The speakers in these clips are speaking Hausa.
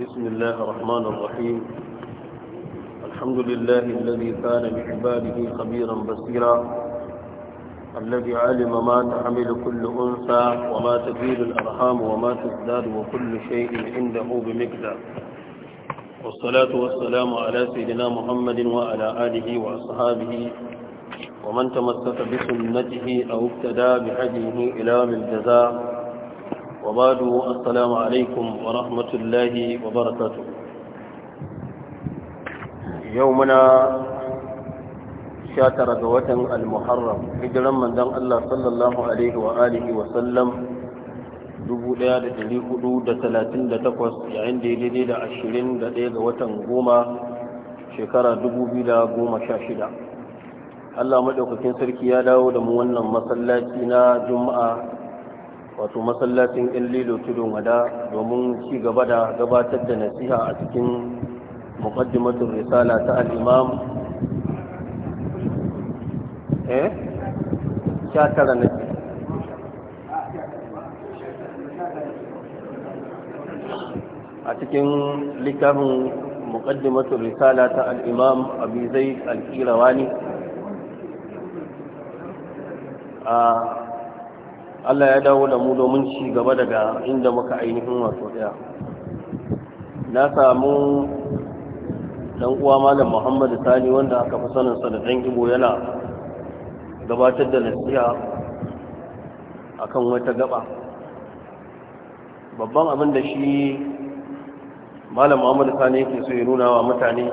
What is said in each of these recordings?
بسم الله الرحمن الرحيم الحمد لله الذي كان بعباده خبيرا بصيرا الذي علم ما تحمل كل أنثى وما تزيد الأرحام وما تزداد وكل شيء عنده بمقدار والصلاة والسلام على سيدنا محمد وعلى آله وأصحابه ومن تمسك بسنته أو ابتدى بحجه إلى من الجزاء وبعد السلام عليكم ورحمة الله وبركاته يومنا شاتر قوتن المحرم هجرا من دان الله صلى الله عليه وآله وسلم dubu ɗaya da ɗari hudu da talatin da takwas yayin da daidai da ashirin da ɗaya ga watan goma shekara dubu biyu da goma sha shida allah maɗaukakin sarki ya dawo da mu wannan masallaci na juma'a wato masallacin yan lilo tudun wada domin ci gaba da gabatar da nasiha a cikin muqaddimatul risala ta al-imam eh sha tara na a cikin littafin muqaddimatul risala ta al-imam abi zaid al-qirawani a Allah ya dawo da mu domin ci gaba daga inda muka ainihin wato ɗaya na samu dan uwa malam Muhammad Sani wanda aka fi sanin sa da dan Ibo yana gabatar da nasiha akan wata gaba babban abin da shi malam Muhammad Sani yake so ya nuna wa mutane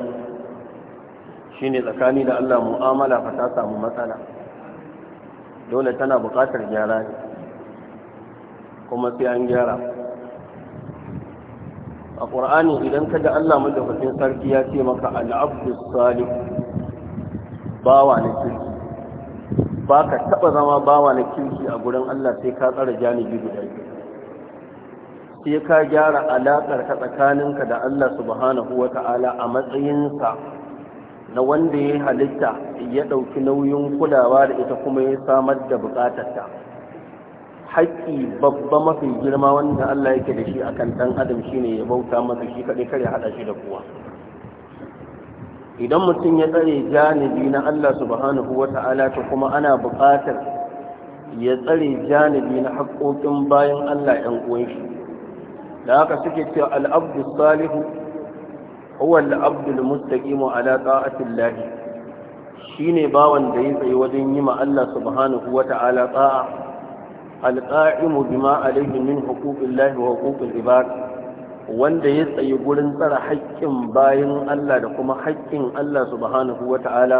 shine tsakani da Allah mu'amala fa ta samu matsala dole tana buƙatar gyara ne kuma sai an gyara a ƙur'ani idan ka da Allah madaukakin sarki ya ce maka al'abdus ba bawa na kirki ba ka taɓa zama bawa na kirki a gurin Allah sai ka tsara janibi guda sai ka gyara alaƙar ka tsakaninka da Allah subhanahu wa ta'ala a matsayinsa na wanda ya halitta ya ɗauki nauyin kulawa da ita kuma ya samar da buƙatarta haƙƙi babba mafi girma wanda Allah yake da shi akan ɗan adam shine ya bauta masa shi kaɗai kare haɗa shi da kowa idan mutum ya tsare janibi na Allah subhanahu wa ta'ala ta kuma ana buƙatar ya tsare janibi na haƙƙoƙin bayan Allah ‘yan uwan shi da haka suke cewa al'abdu salihu huwa al'abdu mustaqimu ala ta'atillahi shine bawan da ya tsaye wajen yi ma Allah subhanahu wa ta'ala ta'a alqa'imu bima alayhi min huquqillahi wa huquqil ibad wanda ya tsaye gurin tsara haƙƙin bayan Allah da kuma haƙƙin Allah subhanahu wata'ala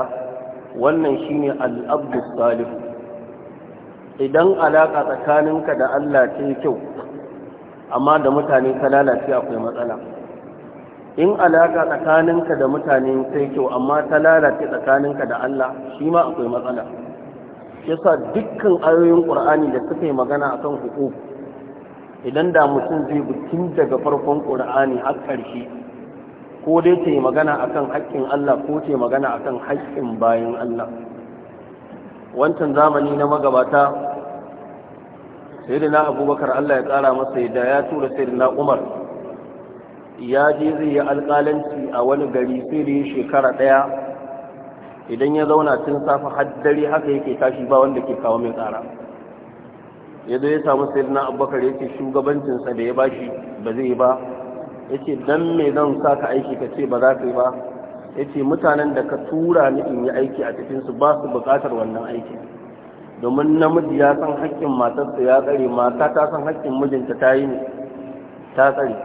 wannan shine al-abdu salih idan alaka tsakaninka da Allah ta yi kyau amma da mutane ta lalace akwai matsala in alaka tsakaninka da mutane ta kyau amma ta lalace tsakaninka da Allah shi ma akwai matsala yasa dukkan ayoyin qur'ani da suka yi magana akan hukuku idan da mutum zai bukin daga farkon qur'ani har ƙarshe ko dai ta yi magana akan haƙƙin Allah ko ta yi magana akan haƙƙin bayan Allah wancan zamani na magabata sai da na abubakar Allah ya ƙara masa yadda ya tura sai na umar ya je zai yi alƙalanci a wani gari sai da shekara ɗaya idan ya zauna tun safa haddare haka yake tashi ba wanda ke kawo mai tsara ya zo ya samu na abubakar ya ce shugabancinsa da ya bashi ba zai ba ya ce don me zan sa ka aiki ka ce ba za ka yi ba ya ce mutanen da ka tura ni in yi aiki a cikinsu ba su buƙatar wannan aiki domin namiji ya san haƙƙin matarsa ya tsare mata ta san haƙƙin mijinta ta yi ta tsare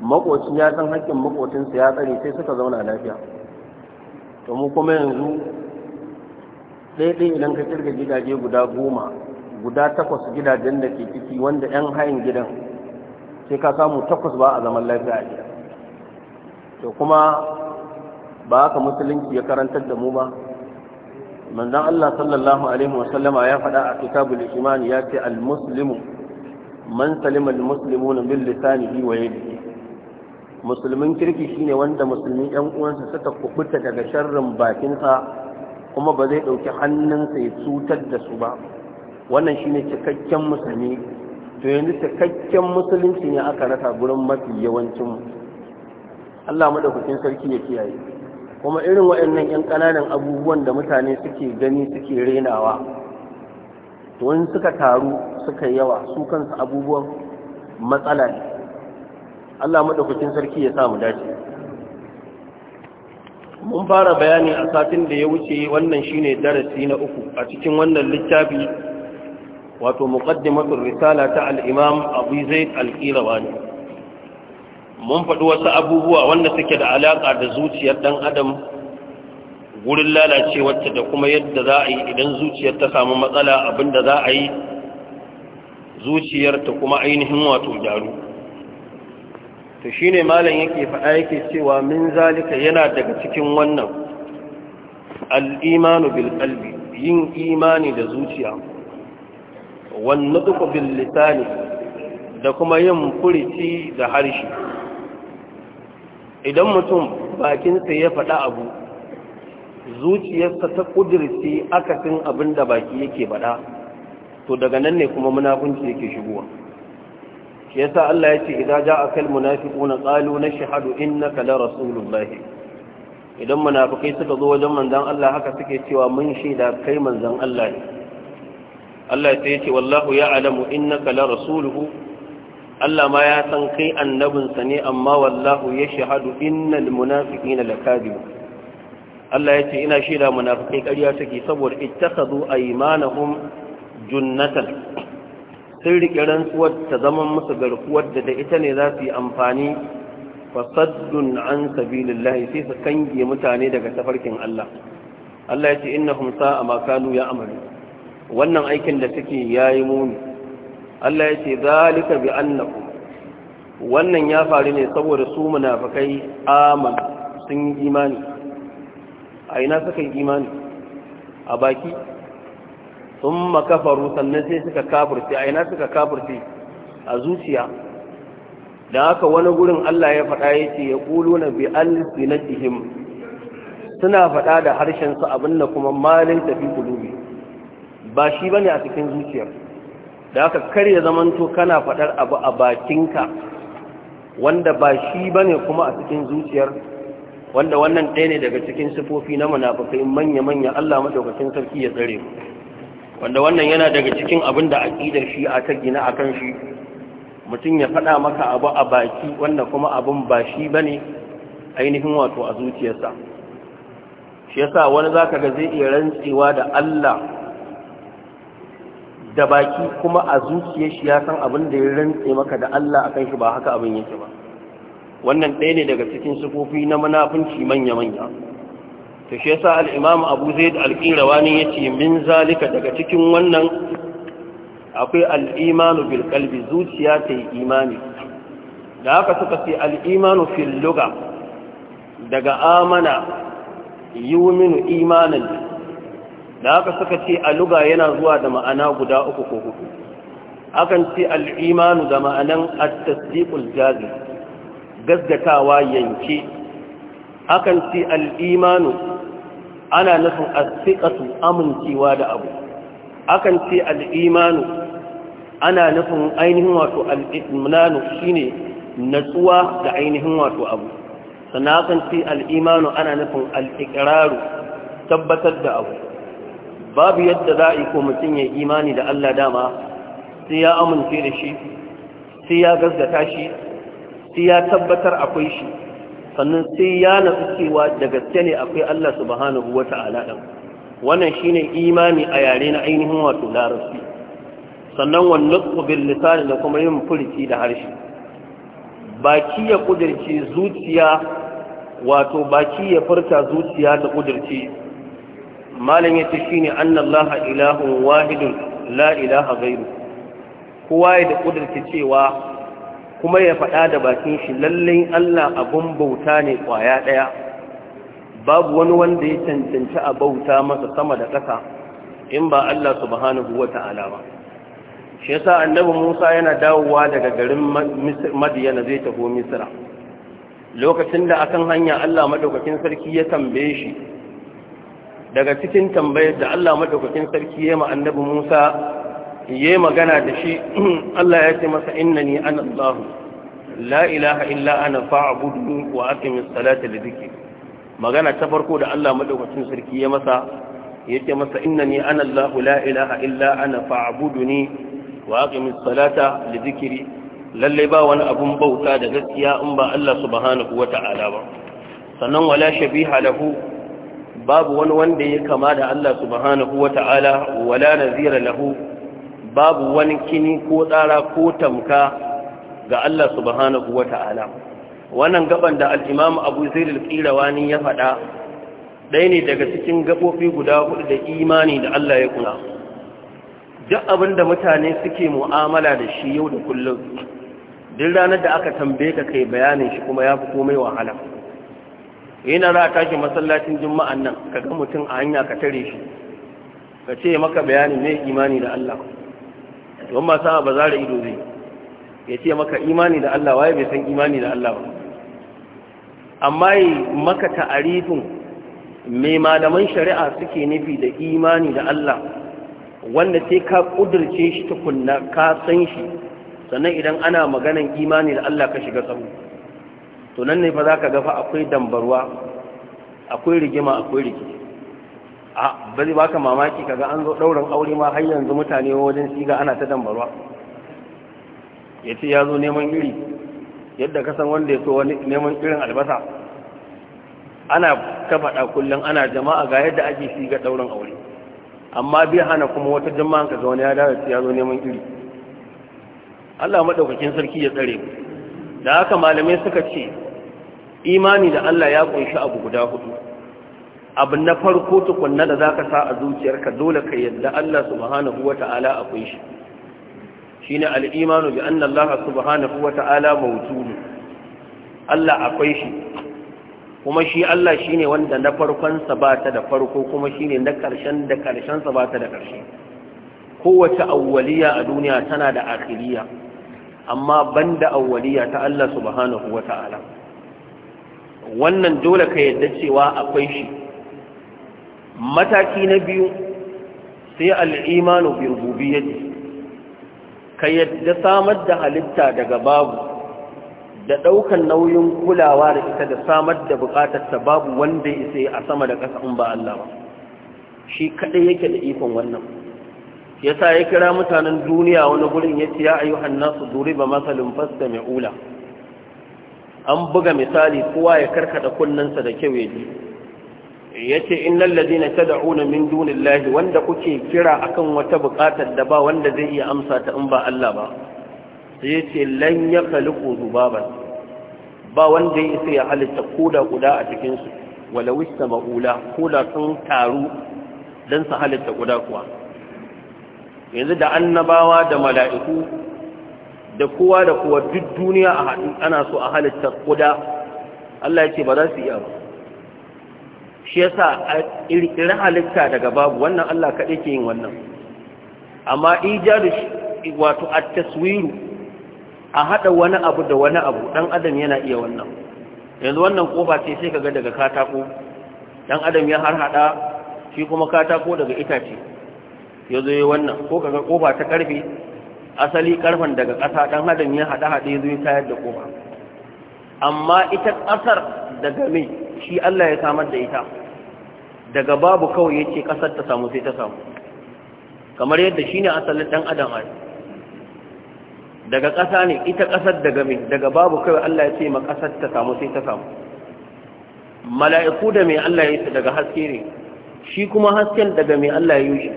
maƙocin ya san haƙƙin maƙocinsa ya tsare sai suka zauna lafiya to mu kuma yanzu ɗaiɗai idan ka kirga gidaje guda goma guda takwas gidajen da ke ciki wanda 'yan hayin gidan sai ka samu takwas ba a zaman lafiya a gida to kuma ba haka musulunci ya karantar da mu ba manzon Allah sallallahu alaihi wasallama ya faɗa a kitabul imani ya ce al-muslimu man salima al-muslimuna min lisanihi wa yadihi musulmin kirki shine wanda musulmin yan uwansa suka kubuta daga sharrin bakinsa kuma ba zai ɗauki hannunsa ya cutar da su ba wannan shine cikakken musulmi to yanzu cikakken musulunci ne aka rasa gurin mafi yawancin Allah madaukakin sarki ya kiyaye kuma irin waɗannan yan ƙananan abubuwan da mutane suke gani suke rainawa, to wani suka taru suka yawa su kansu abubuwan matsala Allah madaukakin sarki ya sa mu dace mun fara bayani a satin da ya wuce wannan shine darasi na uku a cikin wannan littafi wato muqaddimatul risala ta al-imam Abu Zaid al-Qirawani mun faɗi wasu abubuwa wanda suke da alaƙa da zuciyar ɗan adam wurin lalacewarta da kuma yadda za a yi idan zuciyar ta samu matsala abinda za a yi zuciyar ta kuma ainihin wato gyaru to shi ne malam yake faɗa yake cewa min zalika yana daga cikin wannan al’imanu imanu bil yin imani da zuciya Wannan nutqu bil lisani da kuma yin furici da harshe idan mutum bakinsa ya faɗa abu zuciyarsa ta ƙudirce akasin abin da baki yake faɗa to daga nan ne kuma munafunci yake shigowa shi yasa Allah ya ce idan ja'a kal munafiquna qalu nashhadu innaka la rasulullahi idan munafikai suka zo wajen manzon Allah haka suke cewa mun shaida kai manzon Allah ne Allah sai ya ce wallahu ya'lamu innaka la rasuluhu Allah ma ya san kai annabin sa ne amma wallahu ya shahadu innal munafiqina lakadib Allah ya ce ina shaida munafikai ƙarya take saboda ittakhadhu aymanahum junnatan sun riƙe rantsuwar ta zama musu garkuwar da da ita ne za su yi amfani fasaddun an sabilillahi sai su kange mutane daga tafarkin Allah Allah ya ce innahum sa'a a kanu ya amalu wannan aikin da suke ya yi muni Allah ya ce zalika bi annaku. wannan ya faru ne saboda su munafakai aman sun yi imani a ina suka yi imani a baki sun makafaru sannan sai suka kafirce a ina suka kafirce a zuciya da haka wani gurin Allah ya faɗa ya ce ya ƙulu na bi alfinatihim suna faɗa da harshensu abin da kuma malin tafi kulubi ba shi ba ne a cikin zuciyar da haka kar ya zamanto kana faɗar abu a bakinka wanda ba shi ba ne kuma a cikin zuciyar wanda wannan ɗaya ne daga cikin sifofi na munafukai manya-manya Allah maɗaukakin sarki ya tsare mu wanda wannan yana daga cikin abin da aƙidar shi a ta gina a shi mutum ya faɗa maka abu a baki wanda kuma abin ba shi ba ne ainihin wato a zuciyarsa shi yasa wani za ka ga zai iya rantsewa da Allah da baki kuma a zuciyar shi ya san abin da ya rantse maka da Allah akan shi ba haka abin yake ba wannan ɗaya ne daga cikin sufofi na munafunci manya-manya to shi yasa al-imam abu zaid al-qirawani yace min zalika daga cikin wannan akwai al-imanu bil qalbi zuciya ta yi imani da haka suka ce al-imanu fil lugha daga amana yuminu imanan da haka suka ce a lugha yana zuwa da ma'ana guda uku ko hudu akan ce al-imanu da ma'anan at-tasdiqul jazim gaggatawa yanke akan ce al-imanu ana nufin asiqatu amincewa da abu akan ce al ana nufin ainihin wato al-imanu shine natsuwa da ainihin wato abu sannan akan ce al ana nufin al tabbatar da abu babu yadda za a yi ko mutum ya imani da Allah dama sai ya amince da shi sai ya gazzata shi sai ya tabbatar akwai shi sannan sai ya nasu cewa da gaske ne akwai Allah subhanahu wa ta'ala ɗan wannan shine imani a yare na ainihin wato larabci sannan wannan kubin lisani da kuma yin furici da harshe baki ya kudirce zuciya wato baki ya furta zuciya ta kudirce malam ya ce shine annallaha ilahun wahidun la ilaha gairu kowa ya da kudirce cewa kuma ya faɗa da bakin shi lallai Allah abun bauta ne kwaya ɗaya babu wani wanda ya cancanci a bauta masa sama da ƙasa in ba Allah subhanahu wa ta'ala ba shi yasa annabi Musa yana dawowa daga garin Madiyana zai tafi Misra lokacin da akan hanya Allah madaukakin sarki ya tambaye shi daga cikin tambayar da Allah madaukakin sarki ya ma annabi Musa Yi magana da shi Allah ya ce masa innani ana Allah la ilaha illa ana fa'budni wa aqimis salata li dhikri magana ta farko da Allah madaukakin sarki ya masa yace masa innani ana Allah la ilaha illa ana fa'budni wa aqimis salata li dhikri lalle ba wani abun bauta da gaskiya in ba Allah subhanahu wata'ala ba sannan wala shabiha lahu babu wani wanda ya kama da Allah subhanahu wata'ala wala nazira lahu babu wani kini ko tsara ko tamka ga Allah subhanahu wata'ala wannan gaban da al-Imam Abu Zaid al-Qirawani ya faɗa ɗaya ne daga cikin gabofi guda hudu da imani da Allah ya kula duk abinda mutane suke mu'amala da shi yau da kullum duk ranar da aka tambaye ka kai bayanin shi kuma ya fi komai wahala yana za a tashi masallacin juma'an nan ka ga mutum a hanya ka tare shi ka ce maka bayanin mai imani da Allah don ba sa ba zara ido zai ya ce maka imani da Allah waye bai san imani da Allah ba amma yi maka ta'arifin mai malaman shari'a suke nufi da imani da Allah wanda sai ka ƙudurce shi ta kunna ka san shi sannan idan ana maganan imani da Allah ka shiga sabu to nan ne fa zaka ga fa akwai dambarwa akwai rigima akwai rigima a ba zai baka mamaki kaga an zo ɗaurin aure ma har yanzu mutane wajen siga ana ta dambarwa ya ce ya zo neman iri yadda kasan wanda ya so wani neman irin albasa ana ta faɗa kullum ana jama'a ga yadda ake siga ɗaurin aure amma bai hana kuma wata jama'an ka wani ya dawo ya zo neman iri Allah madaukakin sarki ya tsare da haka malamai suka ce imani da Allah ya ƙunshi abu guda hudu abu na farko tukunna da zaka sa a zuciyarka dole ka yadda Allah subhanahu wata'ala akwai shi shine al-imanu bi anna Allah subhanahu Ta'ala mawjud Allah akwai shi kuma shi Allah shine wanda na farkonsa sa ba ta da farko kuma ne na karshen da karshen ba ta da karshe kowace awwaliya a duniya tana da akhiriya amma banda awwaliya ta Allah subhanahu Ta'ala. wannan dole ka yadda cewa akwai shi mataki na biyu sai al'imanu bi rububiyyati ka yadda samar da halitta daga babu da ɗaukan nauyin kulawa da ita da samar da buƙatar ta babu wanda ya sai a sama da ƙasa in ba Allah ba shi kaɗai yake da ikon wannan Ya sa ya kira mutanen duniya wani gurin ya ce ya su duri duriba masalin fasta mai ula an buga misali kowa ya karkada kunnensa da kyau ya ji yace innal ta tad'una min dunillahi wanda kuke kira akan wata buƙatar da ba wanda zai iya amsa ta in ba Allah ba sai ce lan yakhluqu dhubaban ba wanda ya isa ya halitta koda guda a cikinsu wala wista maula koda sun taru don su halitta guda kuwa yanzu da annabawa da mala'iku da kowa da kowa duk duniya a ana so a halitta kuda Allah ya ce ba za su iya ba shi yasa a ƙirƙirin halitta daga babu wannan Allah kaɗai ke yin wannan amma shi wato a taswiru a haɗa wani abu da wani abu ɗan adam yana iya wannan yanzu wannan ƙofa ce sai kaga daga katako ɗan adam ya har haɗa shi kuma katako daga itace ya zo yi wannan ko kaga ƙofa ta ƙarfe asali ƙarfen daga ƙasa ɗan adam ya haɗa haɗe zo ya tayar da ƙofa amma ita ƙasar daga mai shi Allah ya samar da ita daga babu kawai ya ce ƙasar ta samu sai ta samu kamar yadda shi ne asalin ɗan adam a daga ƙasa ne ita ƙasar daga mai daga babu kawai Allah ya ce ma ƙasar ta samu sai ta samu mala'iku da mai Allah ya yi daga haske ne shi kuma hasken daga mai Allah ya yi shi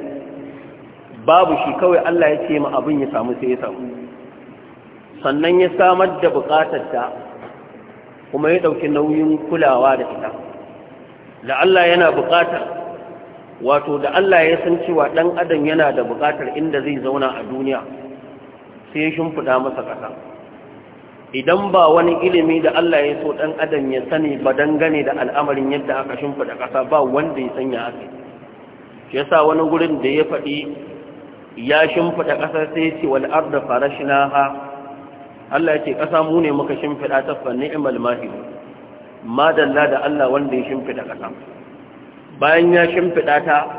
babu shi kawai Allah ya ce ma abin ya samu sai ya samu sannan ya samar da buƙatar ta kuma ya ɗauki nauyin kulawa da ita da Allah yana buƙatar wato da Allah ya san cewa ɗan adam yana da buƙatar inda zai zauna a duniya sai ya shimfiɗa masa ƙasa idan ba wani ilimi da Allah ya so ɗan adam ya sani ba dangane da al'amarin yadda aka shimfiɗa ƙasa ba wanda ya sanya haka shi yasa wani wurin da ya faɗi ya shimfiɗa ƙasa sai ce wal arda farashnaha Allah ya ce ƙasa mu ne muka shimfiɗa ta fa ni'mal madalla da Allah wanda ya shimfiɗa ƙasa bayan ya shimfiɗa ta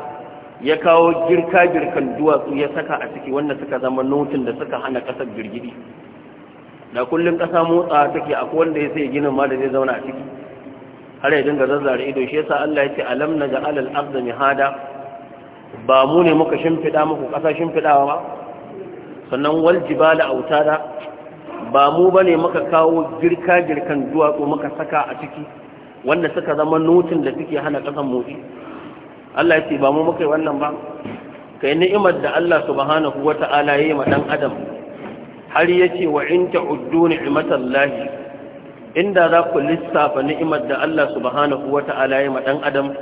ya kawo girka girkan duwatsu ya saka a ciki wanda suka zama notin da suka hana ƙasar girgidi da kullum ƙasa motsa take akwai wanda ya sai ginin ma da zai zauna a ciki har ya dinga zazzara ido shi yasa Allah ya ce alam na ga alal arda mihada ba mu ne muka shimfiɗa muku ƙasa shimfiɗawa ba sannan wal jibala autada ba mu ba ne maka kawo girka-girkan duwatsu maka saka a ciki wanda suka zama notin da suke hana ƙasan motsi Allah ya ce ba mu maka wannan ba kai ni'imar da Allah subhanahu wa ta'ala ya yi ma ɗan adam har ya ce wa in ta'uddu lahi? inda za ku lissafa ni'imar da Allah subhanahu wa ta'ala ya yi ma ɗan adam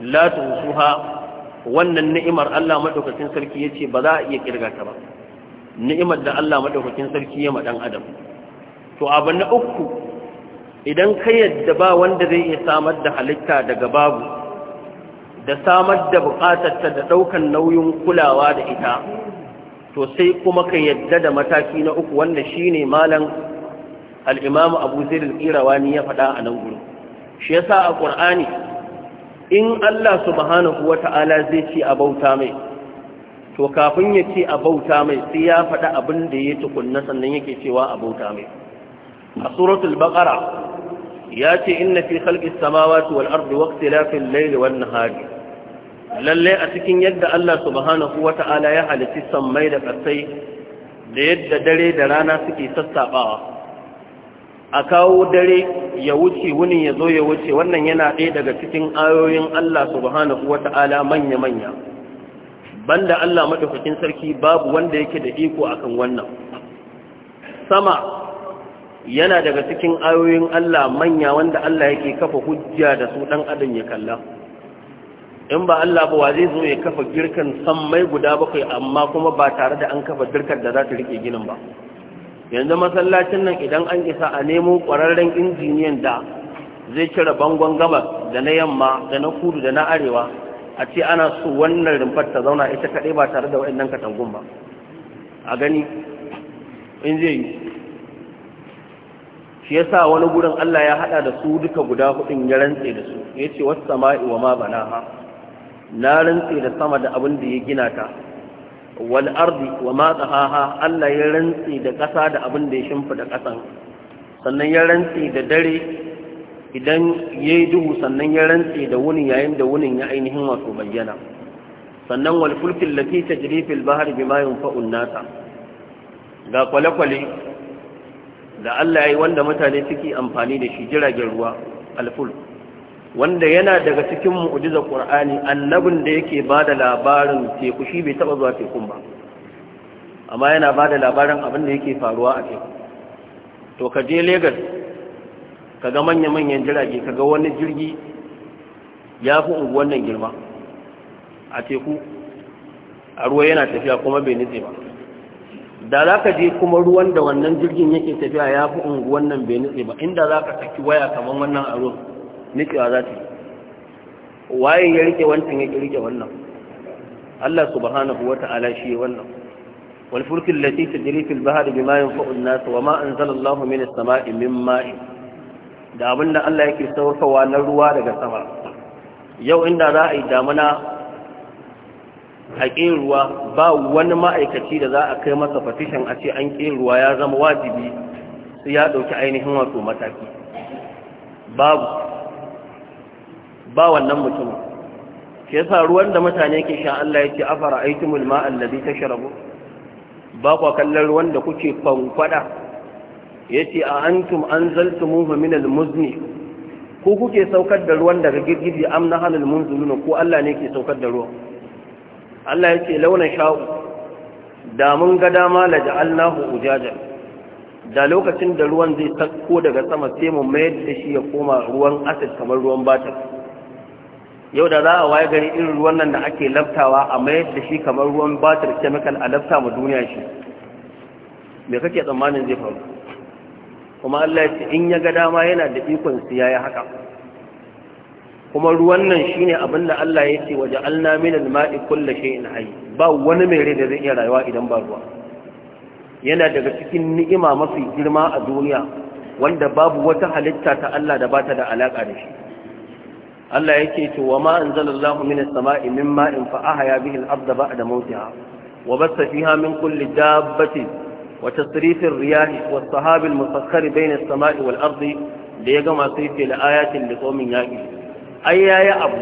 la tuhsuha wannan ni'imar Allah madaukakin sarki ya ce ba za a iya kirga ta ba ni'imar da Allah madaukakin sarki ya madan adam to abu na uku idan ka yadda ba wanda zai iya samar da halitta daga babu da samar da bukatarta da daukan nauyin kulawa da ita to sai kuma ka yadda da mataki na uku wanda shine malam al-imam Abu Zaid al-Qirawani ya faɗa a nan gurin shi yasa a Qur'ani in Allah subhanahu wata'ala zai ci a bauta mai to kafin ya ce a bauta mai sai ya faɗi abin da ya tukunna sannan yake cewa a bauta mai a suratul baqara ya ce inna fi khalqis samawati wal ardi waqtilafil layli wan nahari lalle a cikin yadda Allah subhanahu wata'ala ya halitta sammai da ƙasai da yadda dare da rana suke sassabawa a kawo dare ya wuce wuni ya zo ya wuce wannan yana ɗaya daga cikin ayoyin Allah subhanahu wata'ala manya-manya banda Allah madaukakin sarki babu wanda yake da iko akan wannan sama yana daga cikin ayoyin Allah manya wanda Allah yake kafa hujja da su dan adam ya kalla in ba Allah ba wa zo ya kafa girkan sammai guda bakwai amma kuma ba tare da an kafa girkar da za ta rike ginin ba yanzu masallacin nan idan an isa a nemo kwararren injiniyan da zai cire bangon gabas da na yamma da na kudu da na arewa a ce ana so wannan rumfar ta zauna ita kaɗai ba tare da waɗannan katangun ba a gani in zai yi shi ya sa wani gurin Allah ya haɗa da su duka guda hudun ya rantse da su ya ce wasu sama'i wa ma na rantse da sama da abin da ya gina ta wal ardi wa ma Allah ya rantse da ƙasa da abin da ya da ƙasan sannan ya rantse da dare idan ya yi duhu sannan ya rantse da wuni yayin da wunin ya ainihin wato bayyana sannan walfulkin lati ta jirifin bahar bi mayun fa'un nasa ga kwale-kwale da Allah ya yi wanda mutane suke amfani da shi jiragen ruwa alful wanda yana daga cikin mu'ujizar ƙur'ani annabin da yake ba da labarin teku shi bai taba zuwa tekun ba amma yana ba da labarin abin da yake faruwa a teku to ka je Legas. kaga manya-manyan jirage kaga wani jirgi ya fi unguwannan girma a teku a ruwa yana tafiya kuma bai nutse ba da za ka je kuma ruwan da wannan jirgin yake tafiya ya fi unguwannan bai nutse ba inda za ka saki waya kamar wannan a ruwan nutsewa za ta yi waye ya rike wancan ya rike wannan Allah subhanahu wa ta'ala shi wannan wal fulkin lati tajri fil bahri bima yanfa'u an-nas wa ma anzala Allahu min as-sama'i min ma'in da abin da Allah yake saukawa na ruwa daga sama yau inda za a yi damuna a ruwa ba wani ma'aikaci da za a kai masa fatishin a ce an ruwa ya zama wajibi su ya ɗauki ainihin wato mataki ba wannan mutum ke sa ruwan da mutane ke sha Allah ya ce afara aitimul ma'allabi ta sharabu ba kwa kallon ruwan da kuke kwankwada yace a antum anzaltumuhu min almuzni ko kuke saukar da ruwan daga girgiji am na halal munzuluna ko Allah ne ke saukar da ruwan Allah yace launa sha'u da mun ga dama la ja'alnahu ujaja da lokacin da ruwan zai sakko daga sama sai mu mayar da shi ya koma ruwan asid kamar ruwan batir yau da za a waye gari irin ruwan nan da ake laftawa a mayar da shi kamar ruwan batir chemical a lafta mu duniya shi me kake tsammanin zai faru kuma Allah ya ce in ya ga dama yana da ikon su yayi haka kuma ruwan nan shine abin da Allah ya ce waje alna min kulle kullu shay'in hayy ba wani mai rai da zai iya rayuwa idan ba ruwa yana daga cikin ni'ima mafi girma a duniya wanda babu wata halitta ta Allah da bata da alaka da shi Allah yake ce wa ma anzalallahu min as-sama'i min ma'in fa ahya bihi al-ardha ba'da mawtiha wa bassa fiha min kulli dabbatin وتصريف الرياح والصحاب المسخر بين السماء والأرض ليقما سيفي لآيات لقوم ياقل أي يا أبو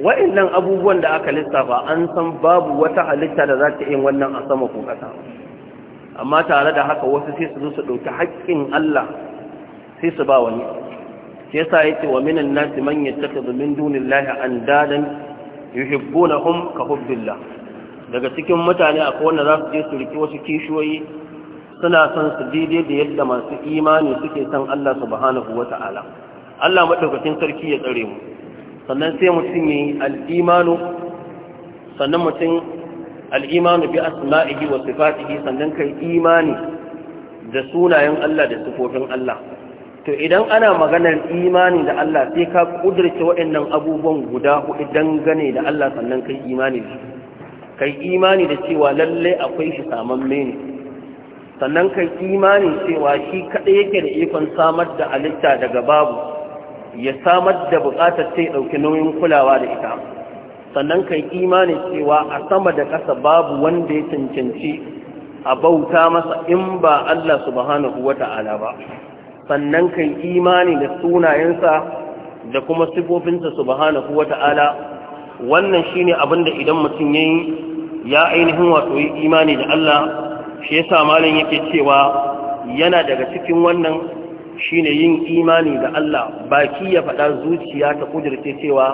وإن أبوبوان da aka lissafa an san babu wata halitta da za ta yin wannan a sama ko amma tare da haka wasu sai su zo su ɗauki haƙƙin Allah sai su ba wani shi yasa yace wa minan nasi man yattakhidhu min dunillahi andadan yuhibbunahum ka hubbilla. daga cikin mutane akwai wanda za su je su riki wasu kishiyoyi suna son su daidai da yadda masu imani suke son Allah subhanahu wa ta'ala Allah madaukakin sarki ya tsare mu sannan sai mutum yi al'imanu sannan mutum al'imanu bi asma'ihi wa sifatihi sannan kai imani da sunayen Allah da sifofin Allah to idan ana maganar imani da Allah sai ka kudurce waɗannan abubuwan guda hudu dangane da Allah sannan kai imani da shi kai imani da cewa lalle akwai shi samamme ne sannan kai imani cewa shi kaɗai yake da ikon samar da halitta daga babu ya samar da buƙatar sai ɗauki nauyin kulawa da ita sannan kai imani cewa a sama da ƙasa babu wanda ya cancanci a bauta masa in ba Allah subhanahu wata'ala ba sannan kai imani da sunayensa da kuma sifofinsa subhanahu wata'ala wannan shine abin da idan mutum yayi ya ainihin wato yi imani da Allah shi yasa malam yake cewa yana daga cikin wannan shi ne yin imani da Allah baki ya faɗa zuciya ta kudirce cewa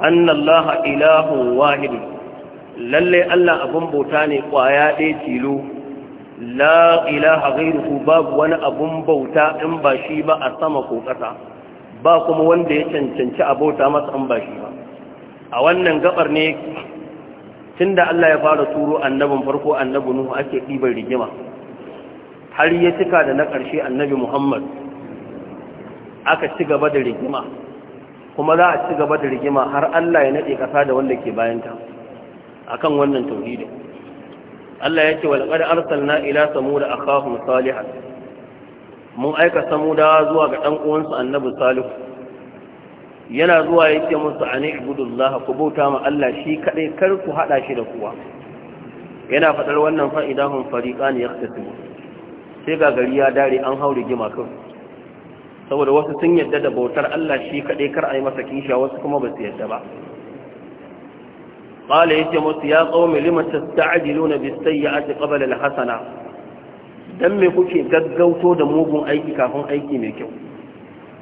annallaha ilahu wahidi lalle Allah abin bauta ne kwaya ɗaya tilo la ilaha ghairuhu babu wani abin bauta in ba shi ba a sama ko ƙasa ba kuma wanda ya cancanci a bauta masa in ba shi ba a wannan gabar ne tunda Allah ya fara turo annabin farko annabi Nuhu ake ɗibar rigima har ya cika da na ƙarshe annabi Muhammad aka ci gaba da rigima kuma za a ci gaba da rigima har Allah ya naɗe ƙasa da wanda ke bayanta kan wannan tauhidin Allah ya ce walqad arsalna ila samu da misali salihan mun aika samu da zuwa ga ɗan uwansu annabi salihu yana zuwa ya ce musu a ni'budullah ku bauta ma Allah shi kaɗai kar ku haɗa shi da kuwa yana faɗar wannan fa'ida hun fariqan yaqtasimu sai ga gari ya dare an haure gima kan saboda wasu sun yadda da bautar Allah shi kaɗai kar a yi masa kisha wasu kuma ba su yadda ba ya musu, qaumi يتمس tasta'jiluna bis sayyi'ati qabla al Hassana!" Dan me kuke gaggauto da mugun aiki kafin aiki mai kyau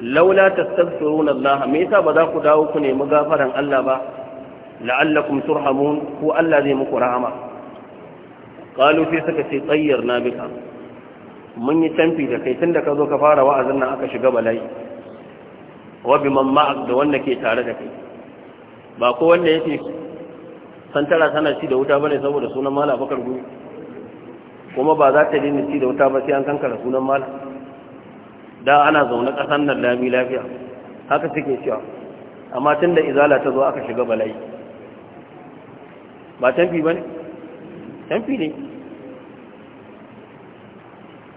laula ta na Zaha, me yasa ba za ku dawo ku nemi gafaran Allah ba la'allakum turhamun ko Allah zai muku rahama qalu sai suka ce na bika mun yi tamfi da kai tunda ka zo ka fara wa'azin nan aka shiga bala'i wa biman ma'ak da wanda ke tare da kai ba ko wanda yake tara tana ci da wuta bane saboda sunan mala bakar gumi kuma ba za ta daina ci da wuta ba sai an kankara sunan mala da ana zaune ƙasar nan lami lafiya haka suke cewa amma tun da izala ta zo aka shiga bala'i ba tamfi ba ne? tamfi ne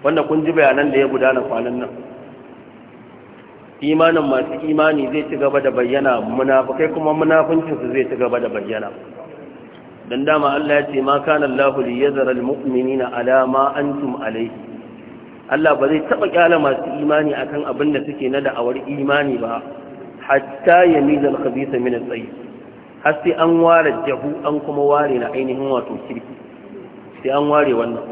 wanda kun ji bayanan da ya gudana kwanan nan imanin masu imani zai ci gaba da bayyana munafukai kuma munafuncinsu zai ci gaba da bayyana Dan dama Allah ya ce ma kana Allahu liyazara almu'minina ala alama antum Alayhi. Allah ba zai taɓa ƙyala masu imani akan abin da suke na da'awar imani ba hatta ya miza alkhabisa min tsayi har sai an ware jahu an kuma ware na ainihin wato kirki sai an ware wannan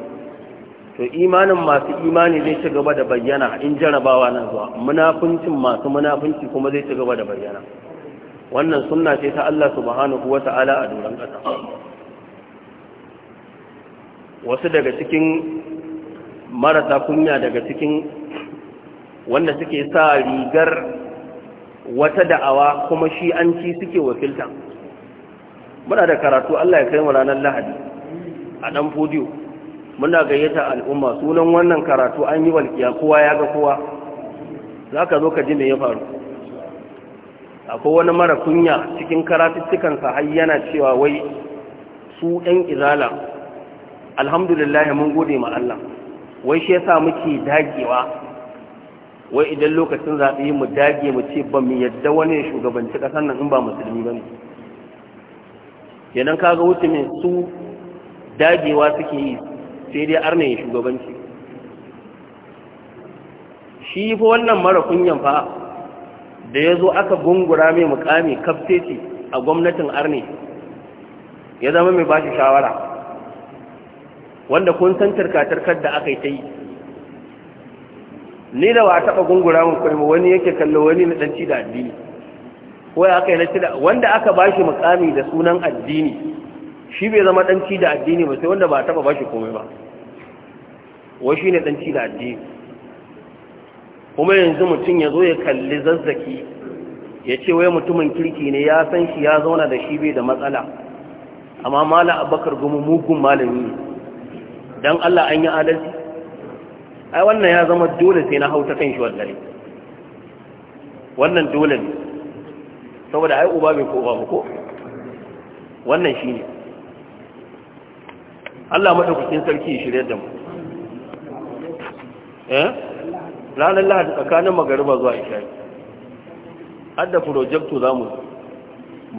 to imanin masu imani zai ci gaba da bayyana in jarabawa na zuwa munafuncin masu munafunci kuma zai ci gaba da bayyana wannan sunna ce ta Allah subhanahu wata'ala a doron ƙasa wasu daga cikin marasa kunya daga cikin wanda suke sa rigar wata da'awa kuma shi an ci suke wakilta muna da karatu Allah ya kai mu ranar lahadi a dan fodiyo muna gayyata al'umma sunan wannan karatu an yi walƙiya kowa ya ga kowa za ka zo ka ji me ya faru akwai wani mara kunya cikin karatuttukansa har yana cewa wai su ɗan izala alhamdulillah mun gode ma Allah wai shi yasa muke dagewa wai idan lokacin zaɓe mu dage mu ce ba mu yadda wani shugabanci ƙasar nan in ba musulmi ba ne kenan kaga wuce mai su dagewa suke yi sai dai arna ya shugabanci shi fa wannan mara kunyan fa da ya zo aka gungura mai mukami kafteci a gwamnatin arne ya zama mai bashi shawara wanda kun san tarkatarkar da aka yi ta yi ni da wa taɓa gungura mu kwaimu wani yake kallo wani na ɗanci da addini ko ya aka yi na cida wanda aka ba shi mukami da sunan addini shi bai zama ɗanci da addini ba sai wanda ba taɓa ba shi komai ba wai shi ne ɗanci da addini kuma yanzu mutum ya zo ya kalli zazzaki ya ce wai mutumin kirki ne ya san shi ya zauna da shi bai da matsala amma Malam abakar gumu mugun malami don Allah an yi adalci ai wannan ya zama dole sai na hauta kan shi wallahi wannan dole ne saboda ai uba bai kowa ba ko wannan shi ne Allah maɗaukakin sarki ya shirya da mu eh ranar lahadi tsakanin magariba zuwa isha'i hadda projecto za mu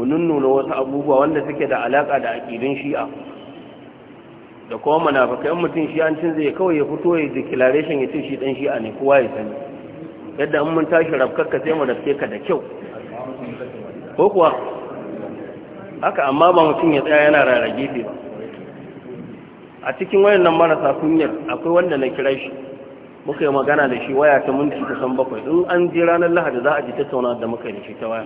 nunnuna wasu abubuwa wanda suke da alaƙa da aƙirin shi'a da kuma yan mutum shi an canza ya kawai ya fito ya declaration ya ce shi dan shi'a ne kowa ya sani yadda in mun tashi ka sai mu rafke ka da kyau ko kuwa haka amma ba mutum ya tsaya yana rarrage ba a cikin wayannan marasa kunyar akwai wanda na kira shi muka yi magana da shi waya ta minti kusan bakwai in an je ranar lahadi za a ji tattauna da muka da shi ta waya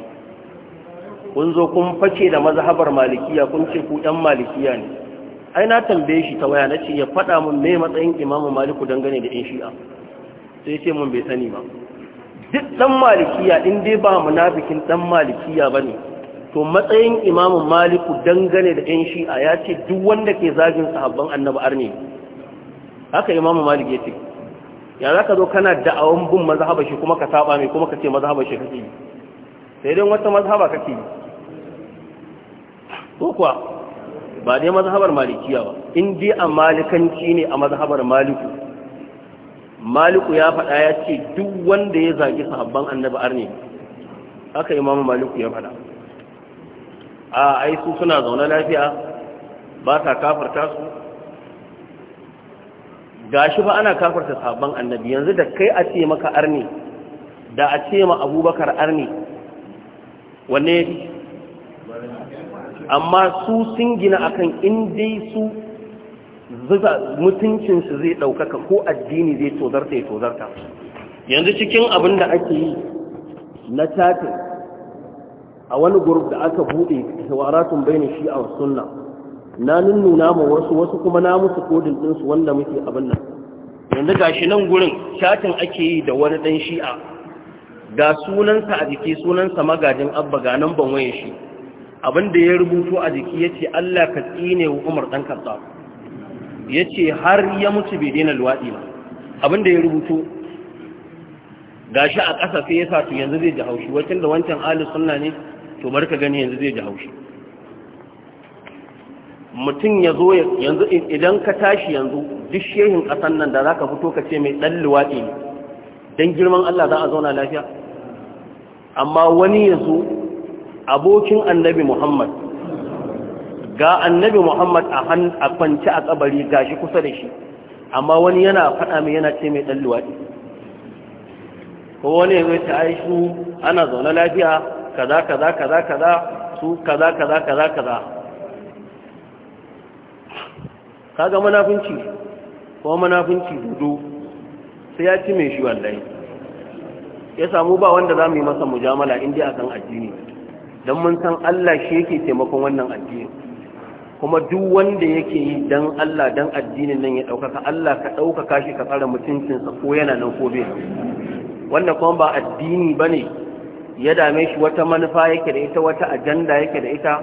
kun zo kun face da mazhabar malikiya kun ce ku ɗan malikiya ne ai na tambaye shi ta waya na ce ya faɗa min me matsayin imamu maliku dangane da yan shi'a sai ce mun bai sani ba duk ɗan malikiya in dai ba munafikin ɗan malikiya ba ne to matsayin imamu maliku dangane da yan shi'a ya ce duk wanda ke zagin sahabban annabi arni haka imamu malik ya ce ya za ka zo kana da'awan bin mazhaba shi kuma ka saba mai kuma ka ce mazhaba shi kake yi sai dai wata mazhaba kake yi ko kuwa ba dai mazhabar malikiya ba in dai a malikanci ne a mazhabar maliku maliku ya faɗa ya ce duk wanda ya zagi sahabban annabi arne haka imamu maliku ya faɗa a ai su suna zaune lafiya ba sa kafarta su gashi ba ana kafarta sahabban annabi yanzu da kai a ce maka arne da a ce ma abubakar arne wanne amma su sun gina akan in dai su mutuncinsu zai ɗaukaka ko addini zai tozarta ya tozarta yanzu cikin abin da ake yi na tatin a wani gurub da aka buɗe bai ne shi a sunna na nunnuna ma wasu wasu kuma na musu kodin ɗinsu wanda muke abin nan yanzu ga shi nan gurin tatin ake yi da wani ɗan shi'a ga sunansa a jiki sunansa magajin abba ga nan ban waye shi abinda da ya rubuto a jiki ya ce Allah ka tsine wa Umar ɗan Khattab ya ce har ya mutu bai daina luwaɗi ba abinda da ya rubuto shi a ƙasa sai ya sa to yanzu zai ji haushi wacin da wancan Ali suna ne to ka gani yanzu zai ji haushi mutum ya zo yanzu idan ka tashi yanzu duk shehin ƙasan nan da za ka fito ka ce mai ɗan luwaɗi ne don girman Allah za a zauna lafiya amma wani ya zo abokin annabi muhammad ga annabi muhammad a kwanci a kabari gashi kusa da shi amma wani yana faɗa mai yana ce mai dan luwadi ko wani ya zai ta aishu ana zaune lafiya kaza kaza kaza kaza su kaza kaza kaza kaza kaga munafunci ko munafunci dudu sai ya ci mai shi wallahi ya samu ba wanda za mu yi masa mujamala in dai akan addini don mun san Allah shi yake taimakon wannan addini kuma duk wanda yake yi don Allah don addinin nan ya ɗaukaka Allah ka ɗaukaka shi ka tsara mutuncinsa ko yana nan ko bai wannan kuma ba addini ba ne ya dame shi wata manufa yake da ita wata ajanda yake da ita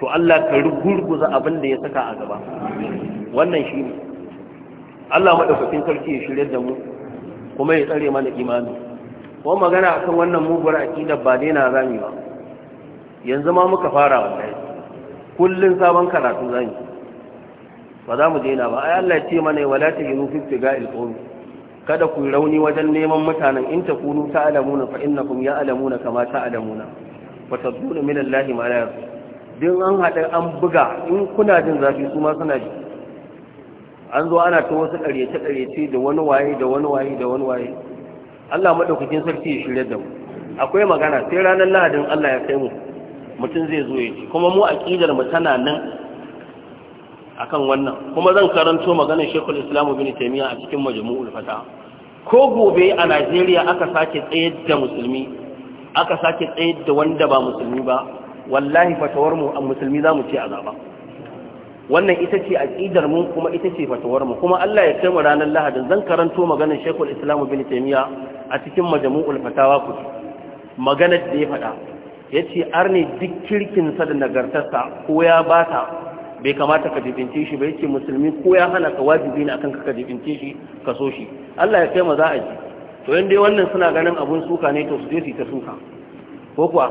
to Allah ka rugurguza abin da ya saka a gaba wannan shi ne Allah maɗaukakin sarki ya shirya da mu kuma ya tsare mana imani kuma magana akan wannan muguwar aƙidar ba daina zami ba yanzu ma muka fara wallahi kullun sabon karatu zan yi ba za mu daina ba ai Allah ya ce mana wala tahinu fi tiga'il qawm kada ku rauni wajen neman mutanen in ta kunu ta alamuna fa innakum alamuna kama ta'lamuna wa tadunu min Allah ma la din an hada an buga in kuna jin zafi su ma suna ji an zo ana ta wasu ƙaryace ƙaryace da wani waye da wani waye da wani waye Allah madaukakin sarki ya shirye da mu akwai magana sai ranar Lahadin Allah ya kai mu mutum zai zo ya ci kuma mu aqidar mu tana nan akan wannan kuma zan karanto maganar Sheikhul Islam Ibn Taymiyyah a cikin Majmu'ul Fatawa ko gobe a Najeriya aka sake tsayar da musulmi aka sake tsayar da wanda ba musulmi ba wallahi fatawar mu an musulmi zamu ci azaba wannan ita ce aqidar mu kuma ita ce fatawar mu kuma Allah ya kai mu ranar Lahadin zan karanto maganar Sheikhul Islam Ibn Taymiyyah a cikin Majmu'ul Fatawa ku maganar da ya faɗa ya ce ne duk kirkinsa da nagartarsa ko ya bata bai kamata ka jibince shi ba ya ce musulmi ko ya hana ka wajibi ne akan ka jibince shi ka so shi Allah ya kai ma za a ji to yan dai wannan suna ganin abun suka ne to su je su ta suka ko kuwa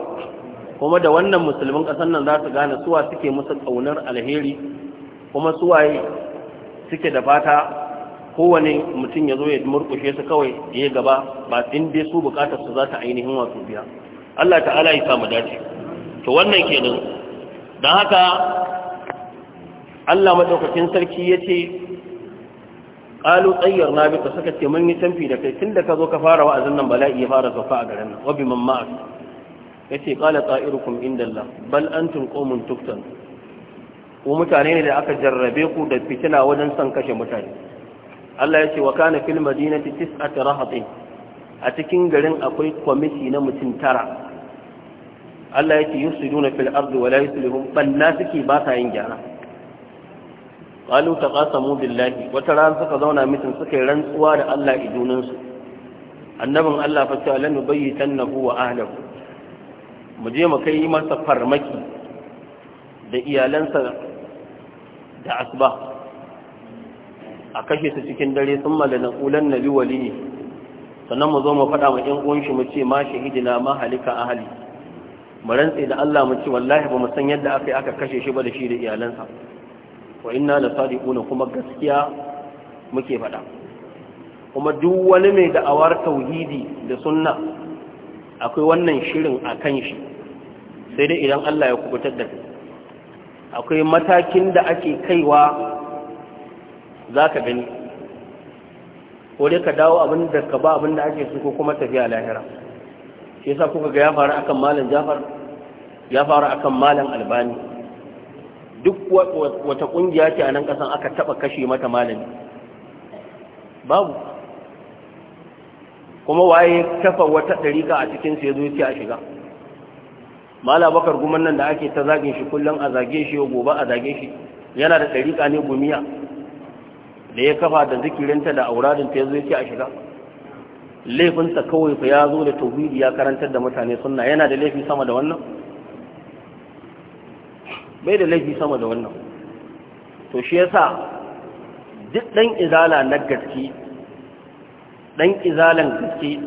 kuma da wannan musulmin ƙasar nan za su gane suwa suke musu kaunar alheri kuma suwaye suke da fata kowane mutum ya zo ya murkushe su kawai ya gaba ba in dai su bukatar su za ta ainihin wasu biya Allah ta'ala ya samu dace to wannan kenan dan haka Allah madaukakin sarki ya ce ƙalu tsayyar na bi suka ce mun yi canfi da kai Tunda ka zo ka fara wa'azin nan bala'i ya fara zafa a garin nan wabi man ya ce ƙala tsa'irukum inda Allah bal antum qaumun tuftan ku mutane ne da aka jarrabe ku da fitina wajen son kashe mutane Allah ya ce wa kana fil madinati tis'atu rahatin a cikin garin akwai kwamiti na mutum tara Allah yake yusiduna fil ardi wa la yuslihun banna suke ba yin gyara qalu taqasamu billahi wata ran suka zauna mutum suka yi rantsuwa da Allah idunin su annabin Allah fa ta lanu bayyitannahu wa ahlihi mu je mu kai masa farmaki da iyalansa da asba a kashe su cikin dare sun malana kulan nabi ne. sannan mu zo mu faɗa wa ƴan uwan shi mu ce ma shahidina ma halika ahli mu rantse da Allah mu ce wallahi ba mu san yadda aka aka kashe shi ba da shi da iyalansa wa inna la sadiquna kuma gaskiya muke faɗa kuma duk wani mai da'awar tauhidi da sunna akwai wannan shirin akan shi sai dai idan Allah ya kubutar da kai akwai matakin da ake kaiwa zaka gani ko dai ka dawo abin da ka ba abin da ake so ko kuma tafiya lahira shi yasa kuka ga ya faru akan malam Jafar ya faru akan malam Albani duk wata kungiya ce a nan kasan aka taba kashe mata malami babu kuma waye kafa wata dariƙa a cikin sai zo a shiga mala bakar guman nan da ake ta zagin shi kullum a zage shi gobe a zage shi yana da dariƙa ne gumiya da ya kafa da zikirinta da auradinta ya zo yake a shiga laifinsa kawai fa ya zo da tauhidi ya karantar da mutane sunna yana da laifi sama da wannan bai da laifi sama da wannan to shi yasa duk dan izala na gaske dan izalan gaske